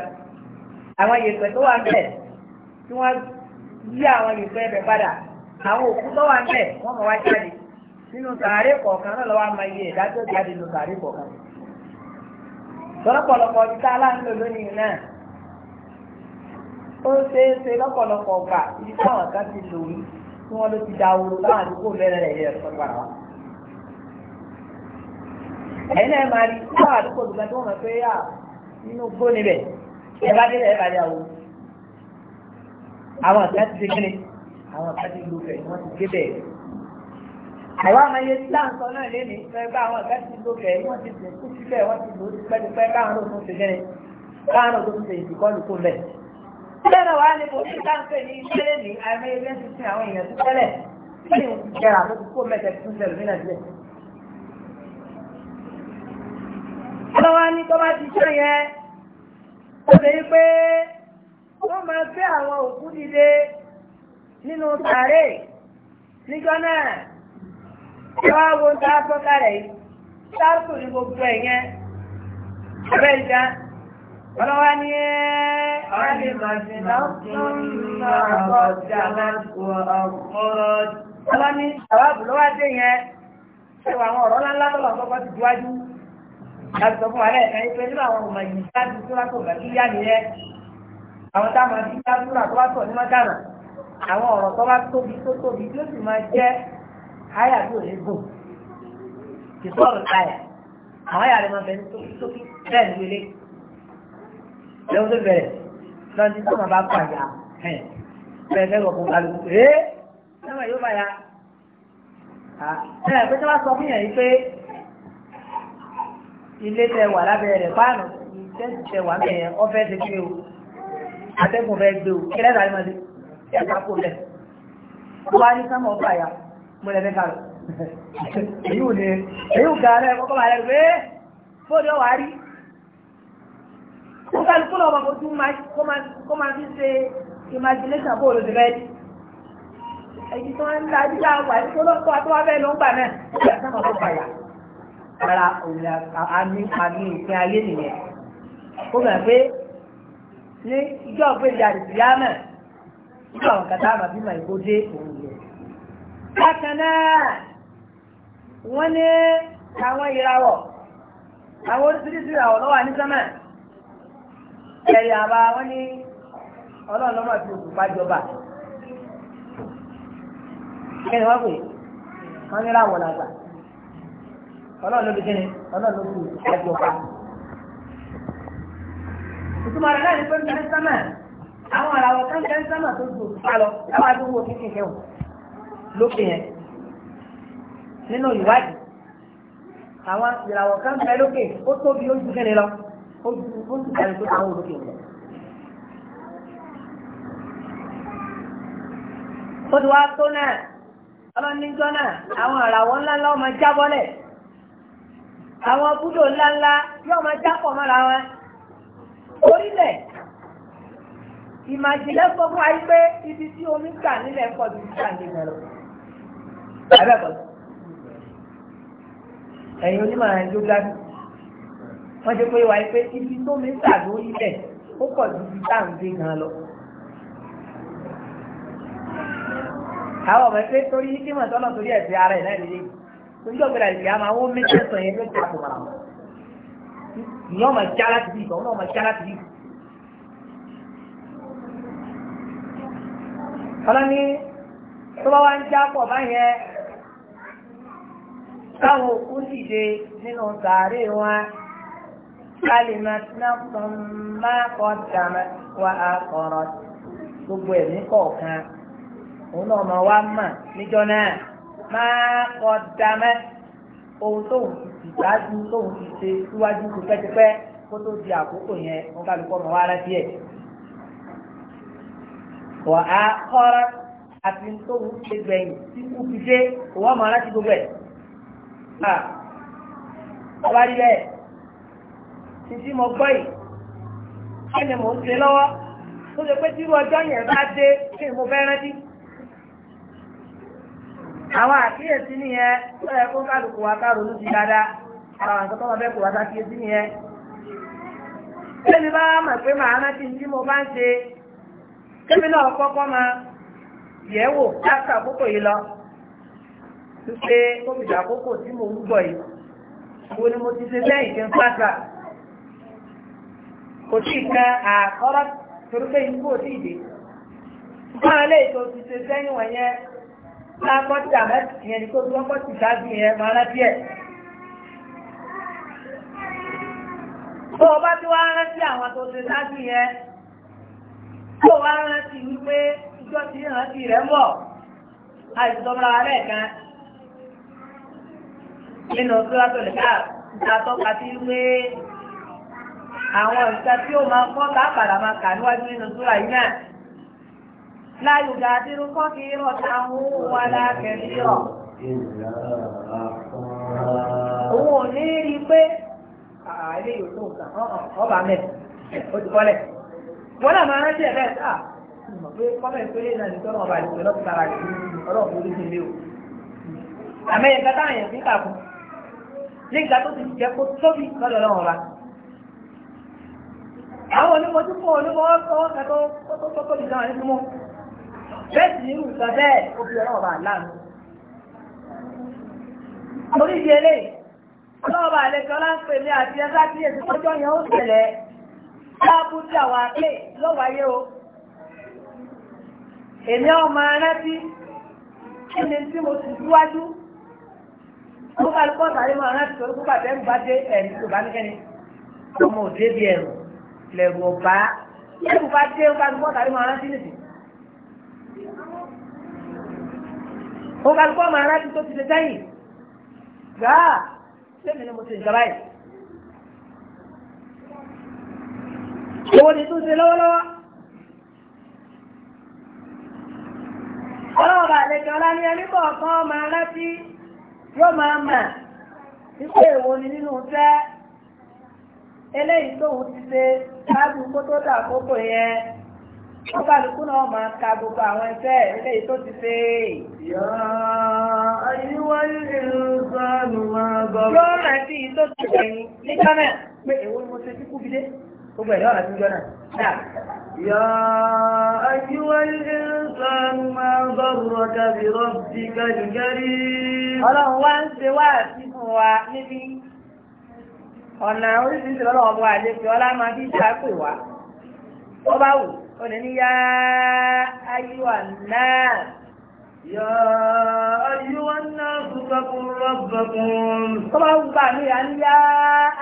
àwọn yèpẹ̀ tó wà ń tí wọ́n yí àwọn ìfẹ́ ẹbẹ̀ padà àwọn òkú tó wà ń bẹ̀ wọ́n mọ̀ wá jáde nínú sàárè kọ̀ọ̀kan náà lọ́wọ́ máa yẹ ẹ̀dá tó jáde nínú sàárè kọ̀ọ̀kan. lọ́pọ̀lọpọ̀ ibi tá a láń lò lónìí náà ó ṣe lọ́pọ̀lọpọ̀ ibi táwọn kan ti lò tí wọ́n ló ti da ooru láwọn àdúgbò mẹ́rin rẹ̀ yẹ àwọn àti láti ṣe àwọn àti ìlú rẹ̀ wọ́n ti débẹ̀. àwọn àmọye láǹsọ náà lé ní ìfẹ́gbà àwọn àti ìlú rẹ̀ wọ́n ti dìkú síbẹ̀ wọ́n ti lò ó káwọn ló tún ṣe káwọn ló tún ṣe ìdíkọ́lù kó lẹ̀. síbẹ̀ náà ní kò sí káńpẹ̀ ní ìṣẹ́lẹ̀ ní àmọye lẹ́sí sí àwọn èèyàn ti tẹ́lẹ̀ tí ìwọ̀n ti ti kó wọ́n máa gbé àwọn òkú dìde nínú sàárè níjọ́ náà wá wo ta sọ́kà rẹ̀ yìí sáàpù ní gbogbo ẹ̀ yẹn abẹ́ ìjà ọlọ́wà ní ẹ́ alìmọ̀sìnà tún náà ọjà láti ọ̀rọ̀ ọlọ́ ní àwábù ló wá dé yẹn ṣèwà àwọn ọ̀rọ̀ ńláńlá lọ́wọ́ àkọ́kọ́ ti díwájú láti sọ fún wa lẹ́ẹ̀kan yìí pé nínú àwọn ọmọ yìí tó wá bá kí yá nìyẹn àwọn táwọn ti dá súrà tó bá sọ ní mọ́tànà àwọn ọ̀rọ̀ tó bá tóbi tó tóbi tí ó sì máa jẹ́ àyà tó lè gùn kì sọ̀rọ̀ táyà àwọn àyà rẹ̀ máa bẹ̀rẹ̀ tóbi tóbi bẹ́ẹ̀ ní ilé lẹ́wọ́n tó bẹ̀rẹ̀ lọ́n ti sọ́mà bá pàyà bẹ́ẹ̀ lẹ́wọ̀n kò kálukú ẹ́ sẹ́wọ̀n yóò bá ya ẹ̀ pé tí wọ́n sọ fún yẹn yìí pé ilé tẹ wà lábẹ́ rẹ̀ fáànù ìṣẹ́ ti tẹ wà mẹ́yẹn ọ atẹ́gùn fẹ́ gbé o kí lẹ́sà ni máa ṣe kí ẹ̀ka kò lẹ̀ wọ́n á ní sámọ̀ ọ̀fà ya mo lẹ́ mẹ́ka lọ. èyí ò ní èyí ò ga rẹ kọ́kọ́ máa rẹ pé fóònù ọ̀wá rí kó kálukú náà ọmọ kojú kó máa fi ṣe imagination bóòlù ti fẹ́ rí èyí tó ń la jíjà wà ní tó lọ́kọ́ tó wá bẹ́ẹ̀ ló ń gbà náà ìgbà sábà tó fàyà ara ní ìjọ ògbéjà ìsìlámẹ̀ nígbà wọn kàtà ìbò dé òun yẹ. náà wọ́n ní àwọn ìràwọ̀ àwọn oríṣiríṣi ìràwọ̀ lọ́wọ́ àníṣẹ́mẹ̀ ẹ̀rì àbá wọ́n ní àti òkùnfà jọba ni wọ́n pè wọ́n ní ìràwọ̀ làgbà ọlọ́run ìtumọ̀ rẹ̀ láì pé ń bẹ́ẹ̀ sánmà àwọn àràwọ̀ kan bẹ́ẹ̀ sánmà tó ju òṣùpá lọ láwọn àti owó kíkì kẹwò lókè yẹn nínú ìwádìí àwọn ìràwọ̀ kan bẹ́ẹ̀ lókè ó tóbi ó ju kíni lọ ó ju ó ju kẹrin tó àwọn olókè yẹn. tó ti wá tó náà ọlọ́níjọ́ náà àwọn àràwọ̀ ńláńlá ọmọ jábọ́lẹ̀ àwọn búdò ńláńlá yóò máa jápọ̀ mọ́ra wọn orílẹ̀ ìmàjìlẹ̀ sọ fún ayé pé ibi tí omi gbà nílẹ̀ pọ̀ ju ìgbà nílẹ̀ lọ. àbẹ̀bọ̀ ẹ̀yin onímọ̀ ẹ̀yìn ló gbádùn wọ́n ṣe pé wáyé pé ibi tó mi gbà lórí ilẹ̀ ó pọ̀ ju ibi tá à ń gbé gan lọ. àwọn ọmọ ẹgbẹ́ torí kí mọ̀ tọ́lọ̀ torí ẹ̀sìn ara ẹ̀ náà lè lè torí ọ̀gbẹ́dà ìgbà máa wọ́n mí tẹ̀sán yẹn ló ti àpò màrà wọn ni ọmọ ìjà láti bí ìtọ̀ ọmọ ìjà láti bí. ọlọ́ni tó bá wá ń já pọ̀ báyẹn káwọn òkú dìde nínú sàárè wọn kálímà náfún máa kọ́ dàmẹ́ wá àkọ́rọ̀ gbogbo ẹ̀mí kọ̀ọ̀kan òun náà máa wá mà níjọ́ náà máa kọ́ dàmẹ́ ohun tó ń ìgbájú tóun ti ṣe síwájú kò pẹ́tipẹ́ kó tó di àkókò yẹn wọn ká lùkọ́ ọmọ wa rẹ díẹ̀. wà á kọ́ra àti tóun ṣe gbẹ̀yìn tí kú fi dé òun ọmọ aláti gbogbo ẹ̀. ọba rí bẹ́ẹ̀ títí mo gbọ́ yìí kí mò ń ṣe lọ́wọ́ tó ṣe pé tí irú ọjọ́ yẹn bá dé kí ni mo fẹ́ rántí. àwọn àkíyèsí ẹ tó yẹ kó kálukú wa ká ronú sí dáadáa àwọn àǹtọ́ tọ́wọ́ bẹ́ẹ̀ kó wa sákíyèsí bá mọ̀ pé màá mo bá ń ṣe tẹ́mi náà kọ́kọ́ ma yẹ̀ wò láti àkókò lọ. ó fi tí mo ń gbọ̀ yìí? Wo ni mo ti ṣe lẹ́yìn tí ń pàṣà? Kò àkọ́rọ́ torí pé ikú lápọ̀ tí àmọ́ ìyẹn ni kó tí wọ́n pọ̀ sí ṣáájú yẹn máa o bá ti wá rántí àwọn tó ṣe ṣáájú yẹn o wá rántí wípé ìjọ ti rántí rẹ̀ mọ̀ àìsọ̀mọ́ra wa lẹ́ẹ̀kan nínú sọ́wọ́tò àwọn tí ó máa kọ́ máa kà لا يجادر كثيرته ولا كثيرا Òun ò ní rí pé ààrẹ yóò tó nǹkan ọba mẹ́ ó ti bọ́lẹ̀. Wọ́n náà máa rántí pé kọ́mẹ̀ ọba ìpè lọ́pù tara sí ọlọ́pù orí ti lé o. Àmẹ́ ẹ̀ka táwọn fi ń kàkún. Ní tó ti jẹ́ kó tóbi lọ́dọ̀ lọ́wọ́ Àwọn onímọ̀ onímọ̀ ọ́ ọ́ bẹ́ẹ̀ sì nínú nǹkan bẹ́ẹ̀ ó fi ọlọ́wọ́ bá láàánú. Orí ìdí eléyìí, ọlọ́wọ́ bá lè jọlá ń pè mí àti ẹgbẹ́ tí èsì tọ́jọ́ yẹn ó ṣẹlẹ̀ láàbù tí àwọn àpè ló o. Èmi ọmọ arántí, kí ni tí mo sì síwájú? Mo bá lùkọ́ sáré mọ́ arántí torí kó bàtẹ́ ń gbájé ẹ̀rí tó bá níkẹ́ni. Ọmọ òde ẹ̀rù lẹ̀rù ọ̀bá. Ẹ̀rù bá dé ó bá lùkọ́ sáré mọ́ arántí nìsín. ó ká lóko ọmọ aráàlú tó ti ṣe sẹ́yìn gbàá sẹ́mi ni mo ti ìjọba yìí. owó ni tún ṣe lọ́wọ́lọ́wọ́. ọlọ́wọ́ bá lè jọ ọlá ní ẹni kọ̀ọ̀kan ọmọ aláti yóò ni nínú fẹ́ eléyìí tóun ti ṣe ṣáájú kó tó dà wọ́n bá lùkú náà máa ka gbogbo àwọn ẹsẹ̀ eléyìí tó ti ṣe. Yà àyíwá ìrìnsánù máa bọ̀. Yóò rántí tó ti gbẹ̀yìn ní Ghana pé èwo ni mo ṣe kíkú fi dé. Gbogbo ẹ̀yọ́ àti ìjọ náà. Yà àyíwá ìrìnsánù máa bọ̀ rọ̀ tàbí rọ̀bì gàdìgàdì. Ọlọ́run wá ń ṣe wá sí fún wa níbi ọ̀nà oríṣiríṣi lọ́lọ́wọ́ bọ́ àlejò ọlá máa fi ṣàpè wá. Ó bá wù. قل يا أيها الناس يا أيها الناس اتقوا ربكم طبعاً بعمل يا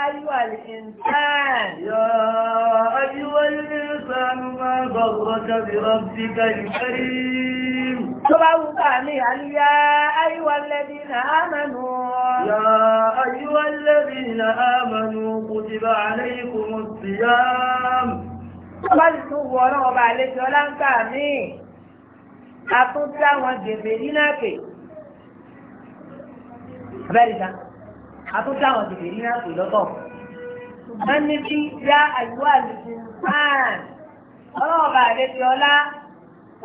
أيها الإنسان يا أيها الإنسان ما ضرك بربك الكريم طبعاً بعمل يا أيها الذين آمنوا يا أيها الذين آمنوا كتب عليكم الصيام wọ́n bá ti tún wọ ọlọ́wọ́ bá àlejò ọláńkà míì àtúntí àwọn gbèbè nínàpè abẹ́rìndà àtúntí àwọn gbèbè nínàpè lọ́tọ̀ ṣùgbọ́n níbi yá àyíwá àlejò fáàn ọlọ́wọ́ bá àlejò ọlá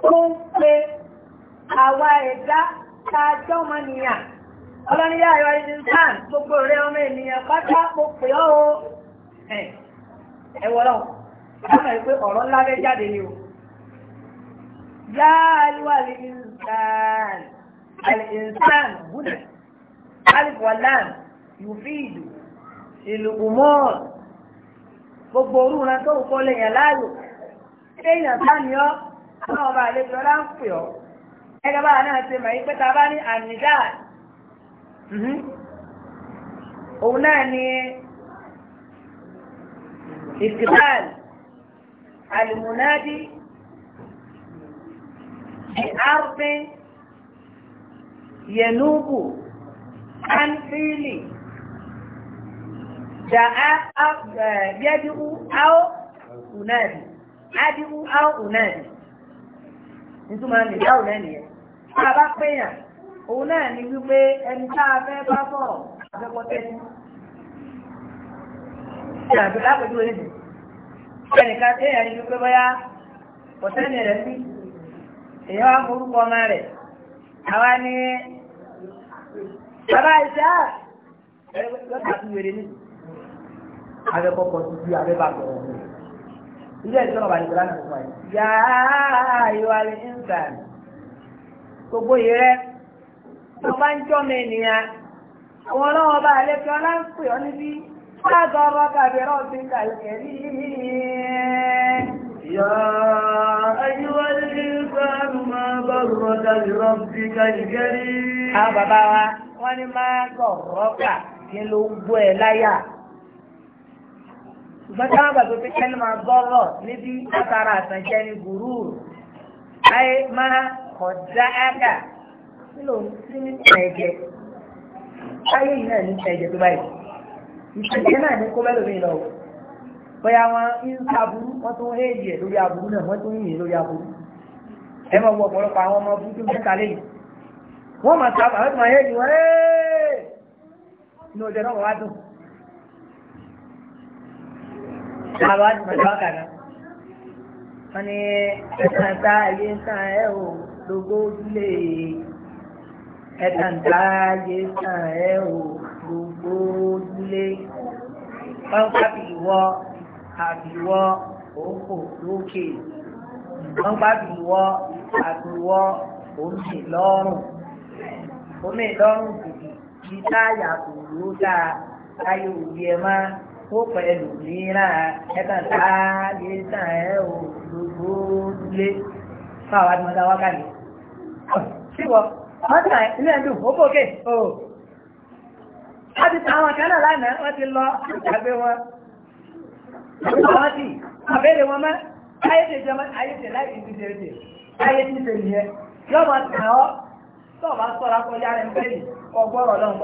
tó ń pe àwa ẹ̀dá kájọ́ mọ́nìyàn ọlọ́ni yá àyíwá àlejò fáàn gbogbo rẹ̀ ọmọ ènìyàn pátá mo pè ọ́ o ẹ̀wọ̀ lọ́wọ́ láwọn ìpé ọ̀rọ̀ ńlá fẹ́ jáde ni o yáàlúwà alìsàn alìsàn gúdà alìfọ̀lán yùfíìdù ìlùkùmọ́ọ̀n gbogbo orú ran tó kọ́ lèèyàn láàyò kéèyàn sáni ọ́ náà ọba àlejò ọlá ń pè ọ́ gẹ́gẹ́ bá ní àmìdá mhm. òun náà ni ìtìbáàlì المنادي بأرض ينوب عن فيل دعا يدعو أو أنادي أدعو أو أنادي nítorí máa lè dáhùn lẹ́nìí ẹ̀ tá a bá péyàn òun náà ni wípé ẹni tá a fẹ́ bá sọ̀rọ̀ àfẹ́kọ́tẹ́ni. ìrìnàjò lápẹ̀jú oníṣẹ́ ẹnìkan tí èèyàn rí pé bóyá kò sẹ́ni rẹ̀ sí èèyàn wá forúkọ ọmọ rẹ̀ àwa ní bàbá ìṣá lọ́tà tí wèrè ní abẹ́kọ̀kọ̀ ti di abẹ́bà sọ̀rọ̀ ọ̀hún ilé ẹ̀jọ́ ọ̀bà ìgbàlá náà fún wa yìí yá ayọ̀ alẹ́ ìǹkan gbogbo yìí rẹ̀ tó bá ń jọ́ mi nìyà àwọn ọlọ́wọ́ bá alẹ́ fi ọlá ń pè ọ́ níbí. فغرك بربك الكريم يا أيها الإنسان ما غرك بربك الكريم ها بابا وأنا ما غرك كلوب ولايا ṣùgbọ́n táwọn bàbá pé kẹ́lí máa gbọ́rọ̀ níbi látara ní gùrúùrù láyé máa kọjá ága nílò sí ní ẹ̀jẹ̀ láyé yìí náà ní ẹ̀jẹ̀ tó báyìí. ìṣẹ̀lẹ̀ náà ní kó mẹ́lòmí lọ bóyá wọn ń sábúrú wọn tún héèjì ẹ̀ lórí aburú náà wọn tún yìn lórí aburú ẹ máa wọ ọ̀pọ̀lọpọ̀ àwọn ọmọ burúkú mẹ́ta lẹ́yìn wọ́n máa sábà wọ́n máa héèjì wọn ní ọjọ́ náà wọ́n wá dùn. àwa ti máa sábà kàná wọ́n ní ẹ̀sán ta ayé ń tàn ẹ́ o lógó ojúlé ẹ̀sán ayé ń tàn ẹ́ o lógó ojúlé wọ́n pàbí ìwọ àbíwọ òǹkò lókè wọ́n pàbí ìwọ àbíwọ òǹkè lọ́rùn omi lọ́rùn kùkù kí táyà kò ló dáa táyà òbí ẹ má ó pẹ̀lú mìíràn ẹ̀ka táyé tàn ẹ́ ò lógbó lé fáwọn adúmọ̀dá wákàlẹ̀. Ṣé wọ́n? tàn ilé ẹ̀dùn ó bòkè. a ti ta àwọn kanáà lánàá wọ́n ti lọ àgbẹ̀ wọn àwọn ti àbẹ̀rẹ̀ wọn mọ́ ayé ti jẹmọ́ ayé ti láì ti ti ti ayé ti ti nìyẹn yóò máa tà ọ́ tó o bá sọ̀rọ̀ akọ́jà rẹ̀ ń bẹ́ẹ̀ kọ́ gbọ́rọ̀ lọ́hùn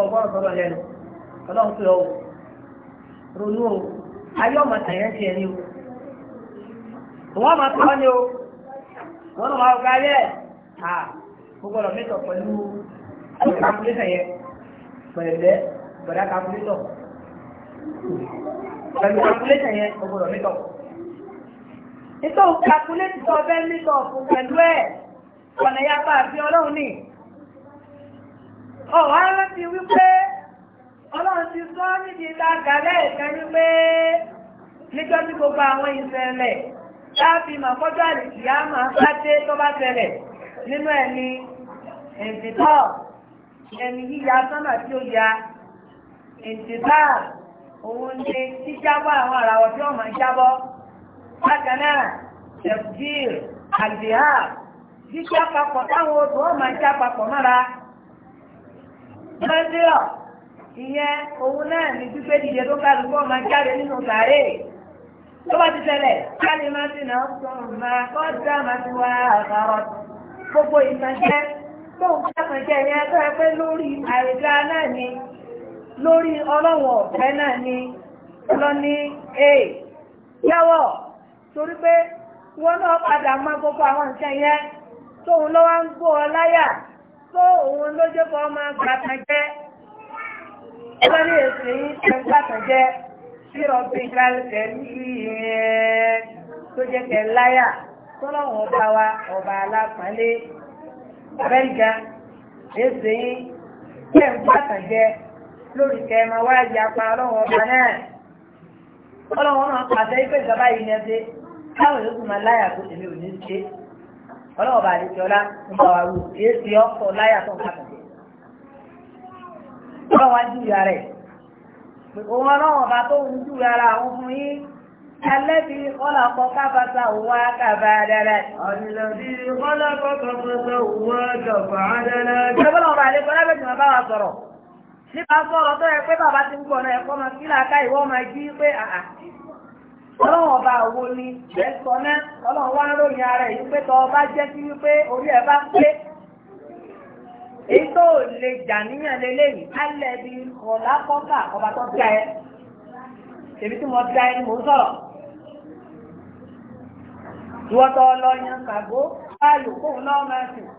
kọ́ bọ̀dá calculator pẹ̀lú calculator yẹn o gbọ́dọ̀ mítọ̀ nítorí calculator tó ọbẹ̀ mítọ̀ fún pẹ̀lú ẹ̀ ọ̀nà yapa àti ọlọ́run ní ọ̀wá rántí wípé ọlọ́run ti sọ níbi ìta gàlẹ́ ìfẹ́ wípé níjọ́ tí gbogbo àwọn ìṣẹ̀lẹ̀ láàfi màkọ́jọ́ àlìkìyà máa ń sáté tó bá ṣẹlẹ̀ nínú ẹni ẹ̀ǹtìtọ́ ẹni yíya sọ́nà tí ó ya ìdìbà òun ni jíjábọ̀ àwọn àràwọ̀ tí wọ́n máa jábọ̀ bákan náà tẹ̀fùdíìr àdìhà jíjá papọ̀ táwọn odò wọ́n máa já papọ̀ mọ́ra mẹ́sílọ̀ ìyẹn òun náà ní gbígbé dìde tó kálukú ọmọ jáde nínú sàárè tó bá ti tẹ̀lẹ̀ káàlì máa ti náà sọ̀rọ̀ máa kọ́ dá máa ti wá àkàrọ̀ gbogbo ìtànjẹ́ tóun bá kàn jẹ́ tó ẹ lórí àìdá náà ni. lórí ọlọ́wọ̀ ọ̀fẹ́ náà ni a yẹ́wọ̀ torí pé wọ́n náà padà mọ́ gbogbo àwọn nǹkan yẹn tóun lọ́wọ́ ń gbó ọ láyà tó òun ló kọ́ ọmọ gbàtànjẹ́ lórí èsì yìí gbàtànjẹ́ sí ọ̀gbìn kálíkẹ́ yìí ọba wa alápàlẹ́ èsì yìí lórí kẹma wá ìyá pa ọlọ́wọ́ ọba náà ọlọ́wọ́ máa pàṣẹ ìpè ìjọba yìí ní ẹsẹ̀ káwọn yòókù máa láyà tó tèmi ò ní ṣe ọlọ́wọ́ bá àdéjọ ọlá nípa wà wù kí èsì ọkọ̀ láyà tó ń kà tẹ̀lé ọlọ́wọ́ wá jù ìyá rẹ̀ òun ọlọ́wọ́ bá tó ń jù ara òun fún yín Alẹ́bí ọlọ́pọ̀ kábàtà wà kàbà dára. Àlẹ́bí ọlọ́pọ̀ kábàtà wà kàbà dára. Ìjọba ọ̀rọ̀ àlẹ́kọ̀ọ́ lábẹ́jùmọ̀ bá wa sọ̀rọ̀ nípa sọ̀rọ̀ tó yẹ pé bàbá ti ń gbọ̀ náà ẹ̀kọ́ máa kílà ká ìwọ́ máa jí pé àà ọlọ́run ọba àwo ni ẹ náà ọlọ́run wá ròyìn ara èyí pé tọ́ ọba jẹ́ sí wípé orí ẹ bá pé èyí tó lè jà lélẹ́yìn alẹ́ bí ọ̀la kọ́kà ọba tó dá ẹ èmi tí mo dá ẹ ni mò ń sọ̀rọ̀ ìwọ́tọ̀ ọlọ́yan kàgó báyò kóun náà máa sùn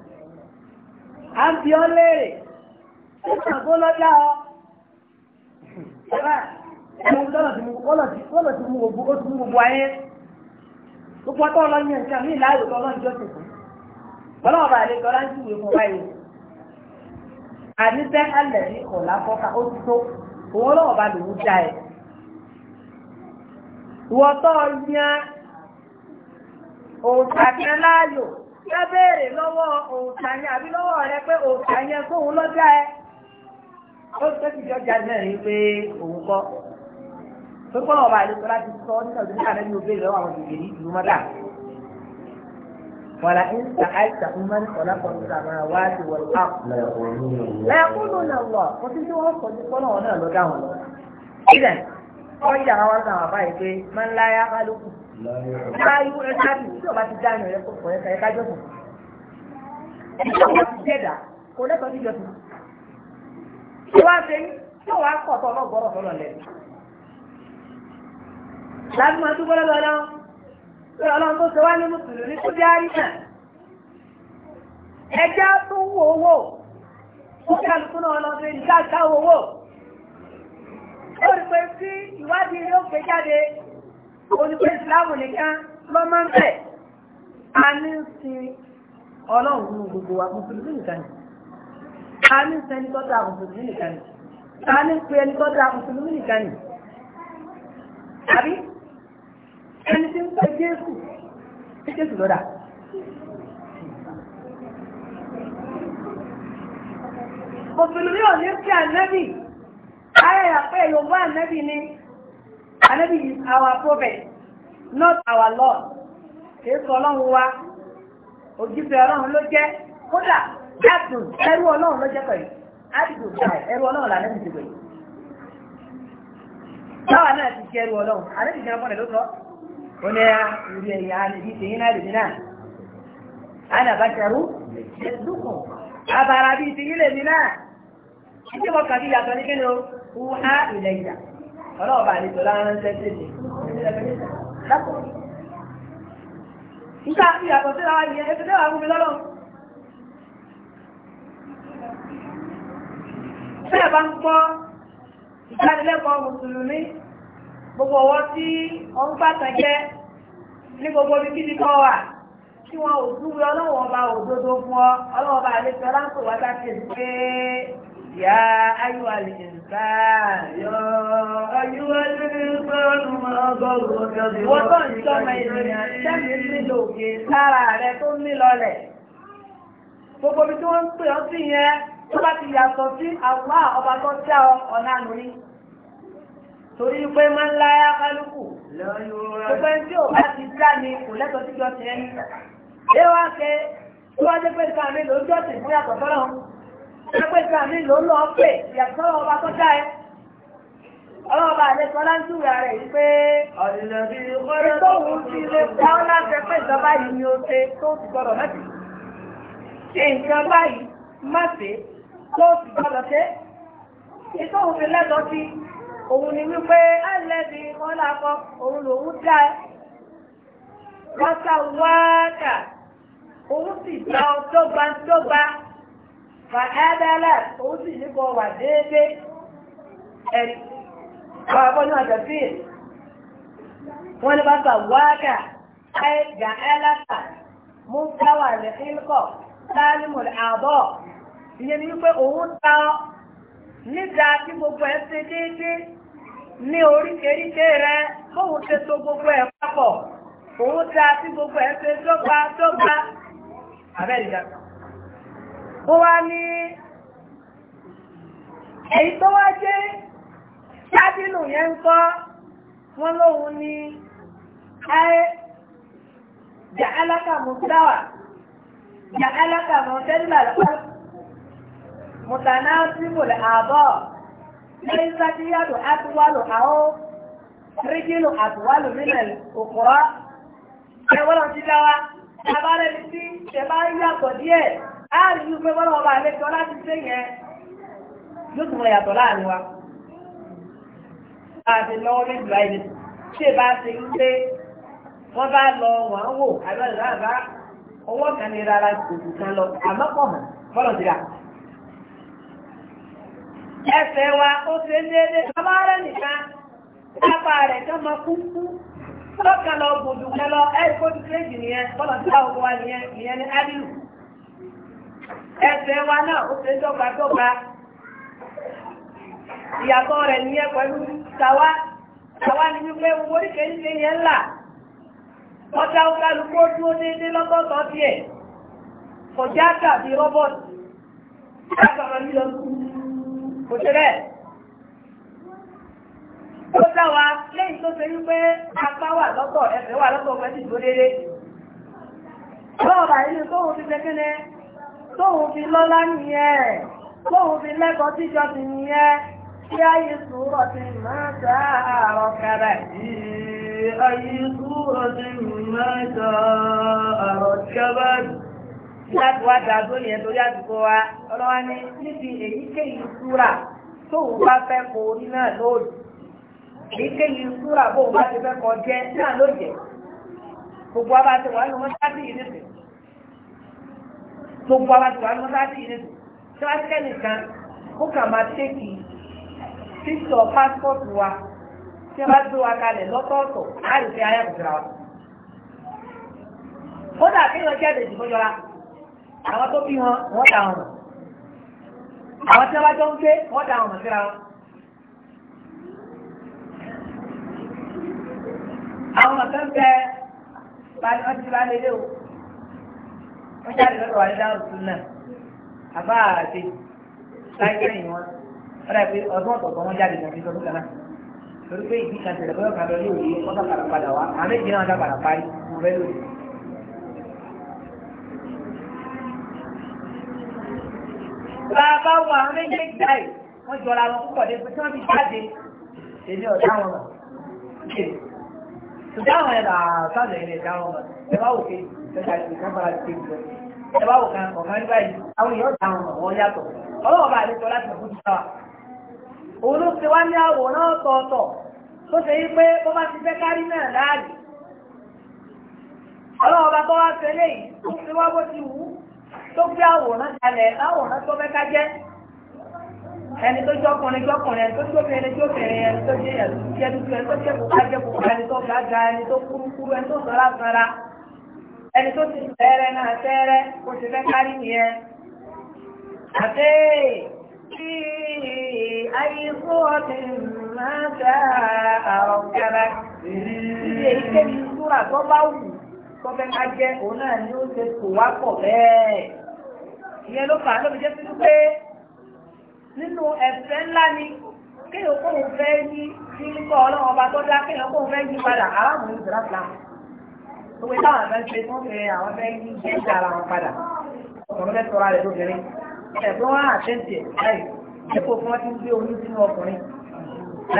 à ń fi ọ́ léèrè. ìṣàgbó ẹ̀rọ ti mú gbogbo ayé. Gbogbo ọtọ́ ọlọ́yìn ẹ̀ nǹkan ní ìlàyò tó ọlọ́run Bọ́lá ọba àlejò ọlá ń júwèé fún báyìí. Àníṣẹ́ alẹ̀ ní ọ̀la fọ́ka ó ti tó. Òun ọlọ́wọ́ bá já ẹ̀. yan kan láàyò. ó tẹ́sí jọ jáde náà ní pé òun kọ́ pé kọ́ ọba àlejò láti sọ nígbà tó ní àná ní obìnrin lọ́wọ́ àwọn òṣèlú ìlú mọ́tà wàlà ń ta àìsà umar kọ̀lá kọ̀ọ̀tà máa wá sí wọ́n á. lẹ́kúnnù náà wọ̀ kó tí wọ́n sọ ní kọ́nà wọn náà wọn lọ. ilẹ̀ ọ yà wọn náà bá pé máa ń láyà kálukú. láyé wọn ká bì tí ọba ti dá ìrìn rẹ ẹ̀ka ẹ̀ka jọ̀sìn. ìjọba ti jẹ̀dá kò lẹ́tọ̀ọ́ tí wàá ṣe tí wàá kọ̀ tọ́ lẹ́nu. láti máa lọ́dọ̀ pé ọlọ́run tó ṣe wá ní mùsùlùmí kó dé àríyá. ẹja tó wù owó alùpùpù náà lọ sí owó. ó rí pé ìwádìí gbé jáde ìsìláàmù nìkan máa ń a ní sin ọlọ́run ta ní sọ ẹni kọ́ta mùsùlùmí nìkan ni ta ní pe ẹni kọ́ta mùsùlùmí nìkan ni àbí ẹni tí ń pè Jésù tí Jésù lọ́dà. mùsùlùmí ò ní sí ànábì ayẹyà pé yorùbá ànábì ni ànábì is our prophet not our lord kì í sọ ọlọ́run wa òjíṣẹ́ ọlọ́run ló jẹ́ kódà Abdul ẹrú ọlọ́run ló jẹ́ pẹ̀lú. Abdul Jai ẹrú ọlọ́run lànà ti pẹ̀lú. Táwa náà ti jẹ́ ẹrú ọlọ́run, àlẹ́ ti jẹ́ ọmọ rẹ̀ ló sọ. Ó ní ẹ̀yà níbi náà lèmi náà. Àná lèmi náà. kàbí yàtọ̀ ní kíni o? Wúhá ilẹ̀ Ọlọ́run bá bẹ́ẹ̀ bá ń gbọ́ ìdánilẹ́kọ̀ọ́ mùsùlùmí gbogbo ọwọ́ tí wọ́n bá tàn jẹ́ ní gbogbo ibi kíbi kọ́ wà kí wọ́n ò dúró ọlọ́wọ́ ọba òdodo fún ọ ọlọ́wọ́ ọba àlejò aláǹkó wá bá ti pé ìyá ayú àlejòǹtà yọ ayú àlejòǹtà mọ ọgọ́rùn-ún ọjọ́ ìwọ́n tó ń sọmọ ènìyàn sẹ́mi nílò òkè lára rẹ tó ń mí lọlẹ̀ tó bá ti yàtọ̀ sí àwùwá ọba tó tẹ́ ọ ọ̀nà lórí torí pé máa ń láyá kálukú gbogbo ẹni tí ò bá ti já ni kò lẹ́tọ̀ọ́ sí jọ́sìn ẹni ṣé wá ṣe tó wá dé pé nǹkan mi ló ń jọ́sìn fún yàtọ̀ sọ́rọ̀ ṣé pé nǹkan mi ló ń lọ pè yàtọ̀ sọ́rọ̀ ọba rẹ̀ yìí pé ìtòhùn ti lè dá láti pé ìjọba yìí ni tó sì gbọdọ̀ ṣe ètò òun fi lẹ́tọ̀ọ́ sí òun ni wípé ẹlẹ́bi wọn làkọ òun lòun dá ẹ wọ́n sá wáàkà òun sì dá ọ dọ́gbandọ́gba fà ẹ́dẹ́lẹ̀ òun sì ní kọ wà déédéé ẹ̀rí àwọn akọ́ni àjọ̀sí wọ́n ní bá sá wáàkà ẹ̀ gà ẹ́ mú káwà lẹ́kìnkọ̀ sálímù àbọ̀ ìyẹn ni wípé òun ta níta tí gbogbo ẹ̀ ṣe déédéé ní oríkèéríkè rẹ fóun ṣe so gbogbo ẹ̀ papọ̀ òun ta tí gbogbo ẹ̀ ṣe dọ́gba dọ́gba abẹ́rìndà. ó wá ní èyí tó wá jẹ́ ṣáàbínú yẹn ń kọ́ wọ́n lóhun ní ayé jà alákàmù dáwà jà alákàmù tẹ́lifà lọ́pàá mùtànásímù àbọ̀ lẹ́yìn sákíyàtò àtiwálò àwọ̀ rígìlò àtiwálò nílẹ̀ òkúrọ̀ ẹwọ́n ti dá wa abárẹ́ ní tí ṣe bá ń yàtọ̀ díẹ̀ á rí i pé wọ́n ọba àlejò láti ṣe yẹn yóò tún lọ yàtọ̀ láàrin wa. àti lọ́wọ́ ní ìlú àìlè ṣé bá ṣe ń pé wọ́n bá lọ wọ́n wò àbẹ̀rẹ̀ náà bá owó kan ní rárá kò kù kan lọ àmọ́ pọ̀ mọ́ bọ́lọ̀ ti rà. ẹsẹ̀ wa ó ṣe déédéé bàbá rẹ̀ nìkan lápá rẹ̀ tó mọ kúkú lọ́kàn lọ gbòdù kan lọ ẹ̀ kójú kéjì nìyẹn bọ́lá tí a wọ wa nìyẹn ní ádìlù ẹsẹ̀ wa náà ó ṣe dọ́gba dọ́gba ìyàtọ̀ rẹ̀ nìyẹn pẹ̀lú tàwa tàwa ni wípé oríkèé ń ṣe yẹn ńlá ọjà ọkàlùkó dúró déédéé kò ṣe bẹ́ẹ̀ ó dá lẹ́yìn tó ṣe wípé apá wà lọ́tọ̀ ẹsẹ̀ wà lọ́tọ̀ mẹ́sì tó dédé bọ́ọ̀bà ilé tóhun fi pẹ́kẹ́lẹ́ tóhun fi lọ́lá nìyẹn tóhun fi lẹ́kọ̀ọ́ tíjọ ti nìyẹn kí ayé sùúrọ̀ ti máa sàárọ̀ kàrà láti wá ta tó yẹn torí àsìkò wa ọlọ́wà ní níbi èyíkéyìí súrà tóun bá fẹ́ kọ orí náà lóòdì èyíkéyìí súrà bóun bá ti fẹ́ kọ jẹ́ náà lóòjẹ́ gbogbo wa bá ti wà lọ́wọ́ sáàtì yìí nìsín gbogbo wa bá ti wà lọ́wọ́ sáàtì yìí tí kan kó kà máa tẹ́kì pásítọ̀tù wa tí gbé wa kalẹ̀ lọ́tọ̀ọ̀tọ̀ láì fi ayé àbùkù kí àwọn tó bí wọn wọ́n dà wọn àwọn tí wọ́n jọ ń gbé wọ́n dà wọn síra wọn. àwọn màkà ń bẹ ti bá lé o wọ́n jáde lọ́dọ̀ wà dáhùn tún náà àbá àti láìpẹ́yìn wọn wọ́n dà pé ọdún ọ̀tọ̀ọ̀tọ̀ wọn jáde lọ́dún kan náà torí pé ìdí kan tẹ̀lé bọ́yọ̀ kan lọ ní òye wọ́n dà padà wá àmì ìdí náà dà padà parí mo fẹ́ lóye. bá bá wọ àwọn méjèèjì báyìí wọ́n jọra wọn púpọ̀ dé pé tí wọ́n fi jáde èmi ọ̀dá wọn mọ̀ ṣùgbọ́n àwọn ẹ̀rọ àtàlẹ̀ ẹ̀rẹ̀ ẹ̀dá wọn bá wò pé ìjọba ti kábàrà ti gbẹ ẹ bá wò kan ọ̀kan nígbà yìí àwọn èèyàn ọ̀dá wọn wọ́n yàtọ̀ ọlọ́wọ́ bá àlejò láti mọ̀ fún ìjọba òun ló ti wá ní àwòrán ọ̀tọ̀ọ̀tọ̀ tó ṣe yí pé bó bá ti fẹ́ kárí náà láàyè ọlọ́wọ́ bá tọ́ wá ṣẹlẹ̀ yìí ó ti wá bó ti wù ú tó gbé àwòrán kalẹ̀ láwòrán tó fẹ́ ká jẹ́ ẹni tó jẹ́ ọkùnrin jẹ́ ọkùnrin ẹni tó jẹ́ obìnrin ẹni tó obìnrin ẹni tó jẹ́ ẹni tó jẹ́ ẹni tó jẹ́ kókó jẹ́ kókó ẹni tó ga ga ẹni tó kúrúkúrú ẹni tó sọ́ra sọ́ra ẹni tó ti tẹ́rẹ́ náà tẹ́rẹ́ kó ti fẹ́ kárí nìyẹn. àti kí àyíkú ọ̀sìn máa ta àrùn kára ilé ìkébi súra tó bá wù tó fẹ́ ká jẹ́ òun náà ni ó ṣe tò wá pọ̀ bẹ́ẹ̀ ìyẹn ló fà á lóbi jẹ́ sí pé nínú ẹ̀fẹ́ ńlá ni kéèyàn kóhun fẹ́ yí sí kọ́ ọlọ́run ọba tó dá kéèyàn kóhun fẹ́ yí padà aráàlú ní ìdúrà fìlà owó táwọn àgbà ń ṣe fún mi àwọn fẹ́ yí jẹ́jà ara wọn padà ọ̀rọ̀ fẹ́ sọ̀rọ̀ rẹ̀ lóbìnrin ẹ̀gbọ́n wọn àtẹ́ǹtì ẹ̀ láì dípò fún wọn ti ń gbé oyún sínú ọkùnrin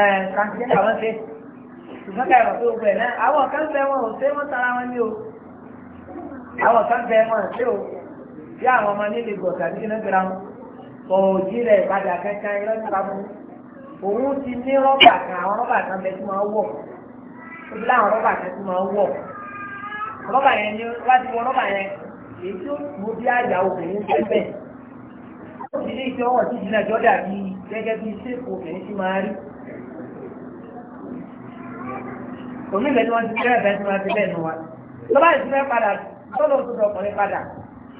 ẹ̀ kàǹtìjẹ́ àwọn ṣe ṣùgbọ́n ká ẹ̀rọ bí àwọn ọmọ nílé gbọ̀tà ní kílógírà kò jí rẹ̀ padà kankan irọ́ nípa mu òun ti ní rọ́bà kan àwọn rọ́bà kan bẹ tí máa wọ̀ ibi láwọn rọ́bà kan tí máa wọ̀ rọ́bà yẹn ni wá ti wọ rọ́bà yẹn èyí tó mú bí àyà obìnrin fẹ́ bẹ́ẹ̀ ó ti ní ìṣe ọwọ́ tí ìjìnlẹ̀ jọ dàbí gẹ́gẹ́ bí ṣéèpù obìnrin ti máa rí òmìnira ni wọ́n ti fẹ́rẹ̀ bẹ́ẹ̀ tí wọ́n ti bẹ́ẹ̀ nù wa tó bá ìṣúná padà tó lóòótọ́ ọkùnrin padà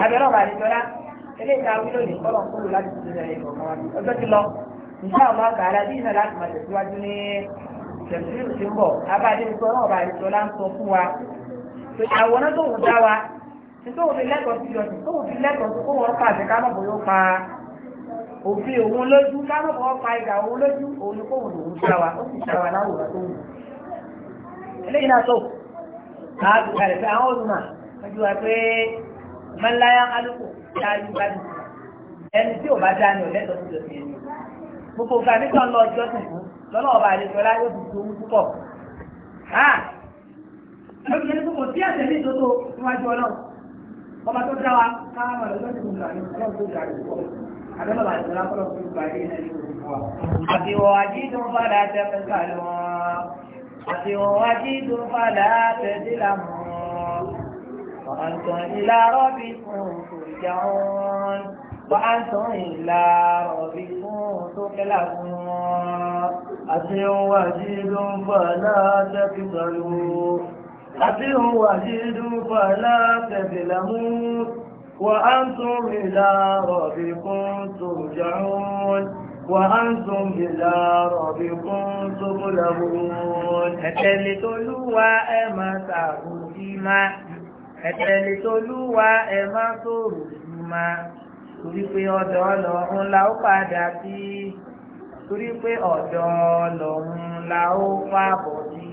abẹ́rẹ́ ọ̀bà àdìjọ́lá ilé ìta wílò ní kọ́lọ̀ kúrò láti ti ṣẹlẹ̀ ìkọ̀kan wa ọjọ́ ti lọ nígbà ọmọ àgbàlá bí iná láti máa tẹ̀síwájú ní tẹ̀síwájú ti ń bọ̀ abáàdé ní kọ́lọ̀ ọ̀bà àdìjọ́lá ń sọ fún wa àwòrán tó wù dá wa tóun fi lẹ́tọ̀ọ́ sí ọ̀sìn tóun fi lẹ́tọ̀ọ́ sí kó wọ́n pàṣẹ ká mọ̀bọ̀ yóò pa òfin òun lójú ká mọ̀bọ̀ ìgbà òun lójú òun ni kóun lòun dá wa ó sì dá wa láwòrán tó wù. eléyìí náà tó káàdùn kalẹ̀ pé àwọn olùmọ̀ ojú wa pé mọ́láyà kálukú ṣáájú bá ti sùn ẹni tí ò bá dá ní ọ̀lẹ́tọ̀ tó ti ẹni gbogbo nǹkan ní sọ́nà ọjọ́ tó kú lọ́nà ọba àlejò ọlá yóò fi owó púpọ̀ lórí ẹni tó kò sí ẹsẹ̀ ní ìtótó níwájú ọlọ́run ọba tó dá wa káwọn ọ̀lọ́jọ́ ti gbogbo àná ọlọ́run tó dá lóko àbẹ́bọ̀ àti fún ìgbà yìí náà ní òkú wa. àbíwọ̀ àjíjú fàlà tẹ́fẹ́ وأنتم إلى ربكم ترجعون وأنتم إلى ربكم تقلبون أتيوا وجيد فلا تقتلوا أتيوا وجيد فلا تظلموا وأنتم إلى ربكم ترجعون وأنتم إلى ربكم تغلبون. Ẹ tẹ̀lé Olúwa ẹ máa tàbùkì máa ẹ̀tẹ̀lẹ̀ tó lúwa ẹ̀ má sòrò ìmá torí pé ọ̀dọ̀ ọlọ́run la ó padà sí torí pé ọ̀dọ̀ ọlọ́run la ó pàbọ̀ sí.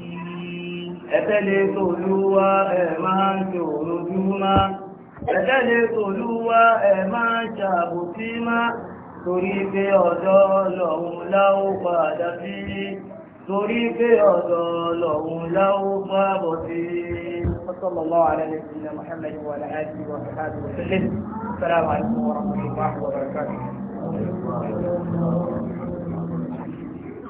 ẹ̀tẹ̀lẹ̀ tó lúwa ẹ̀ má sòrò ìmá ẹ̀tẹ̀lẹ̀ tó lúwa ẹ̀ má ṣàbò sí má torí pé ọ̀dọ̀ ọlọ́run la ó padà sí torí pé ọ̀dọ̀ ọlọ́run la ó pàbọ̀ sí. وصلى الله على نبينا محمد وعلى اله وصحبه وسلم السلام عليكم ورحمه الله وبركاته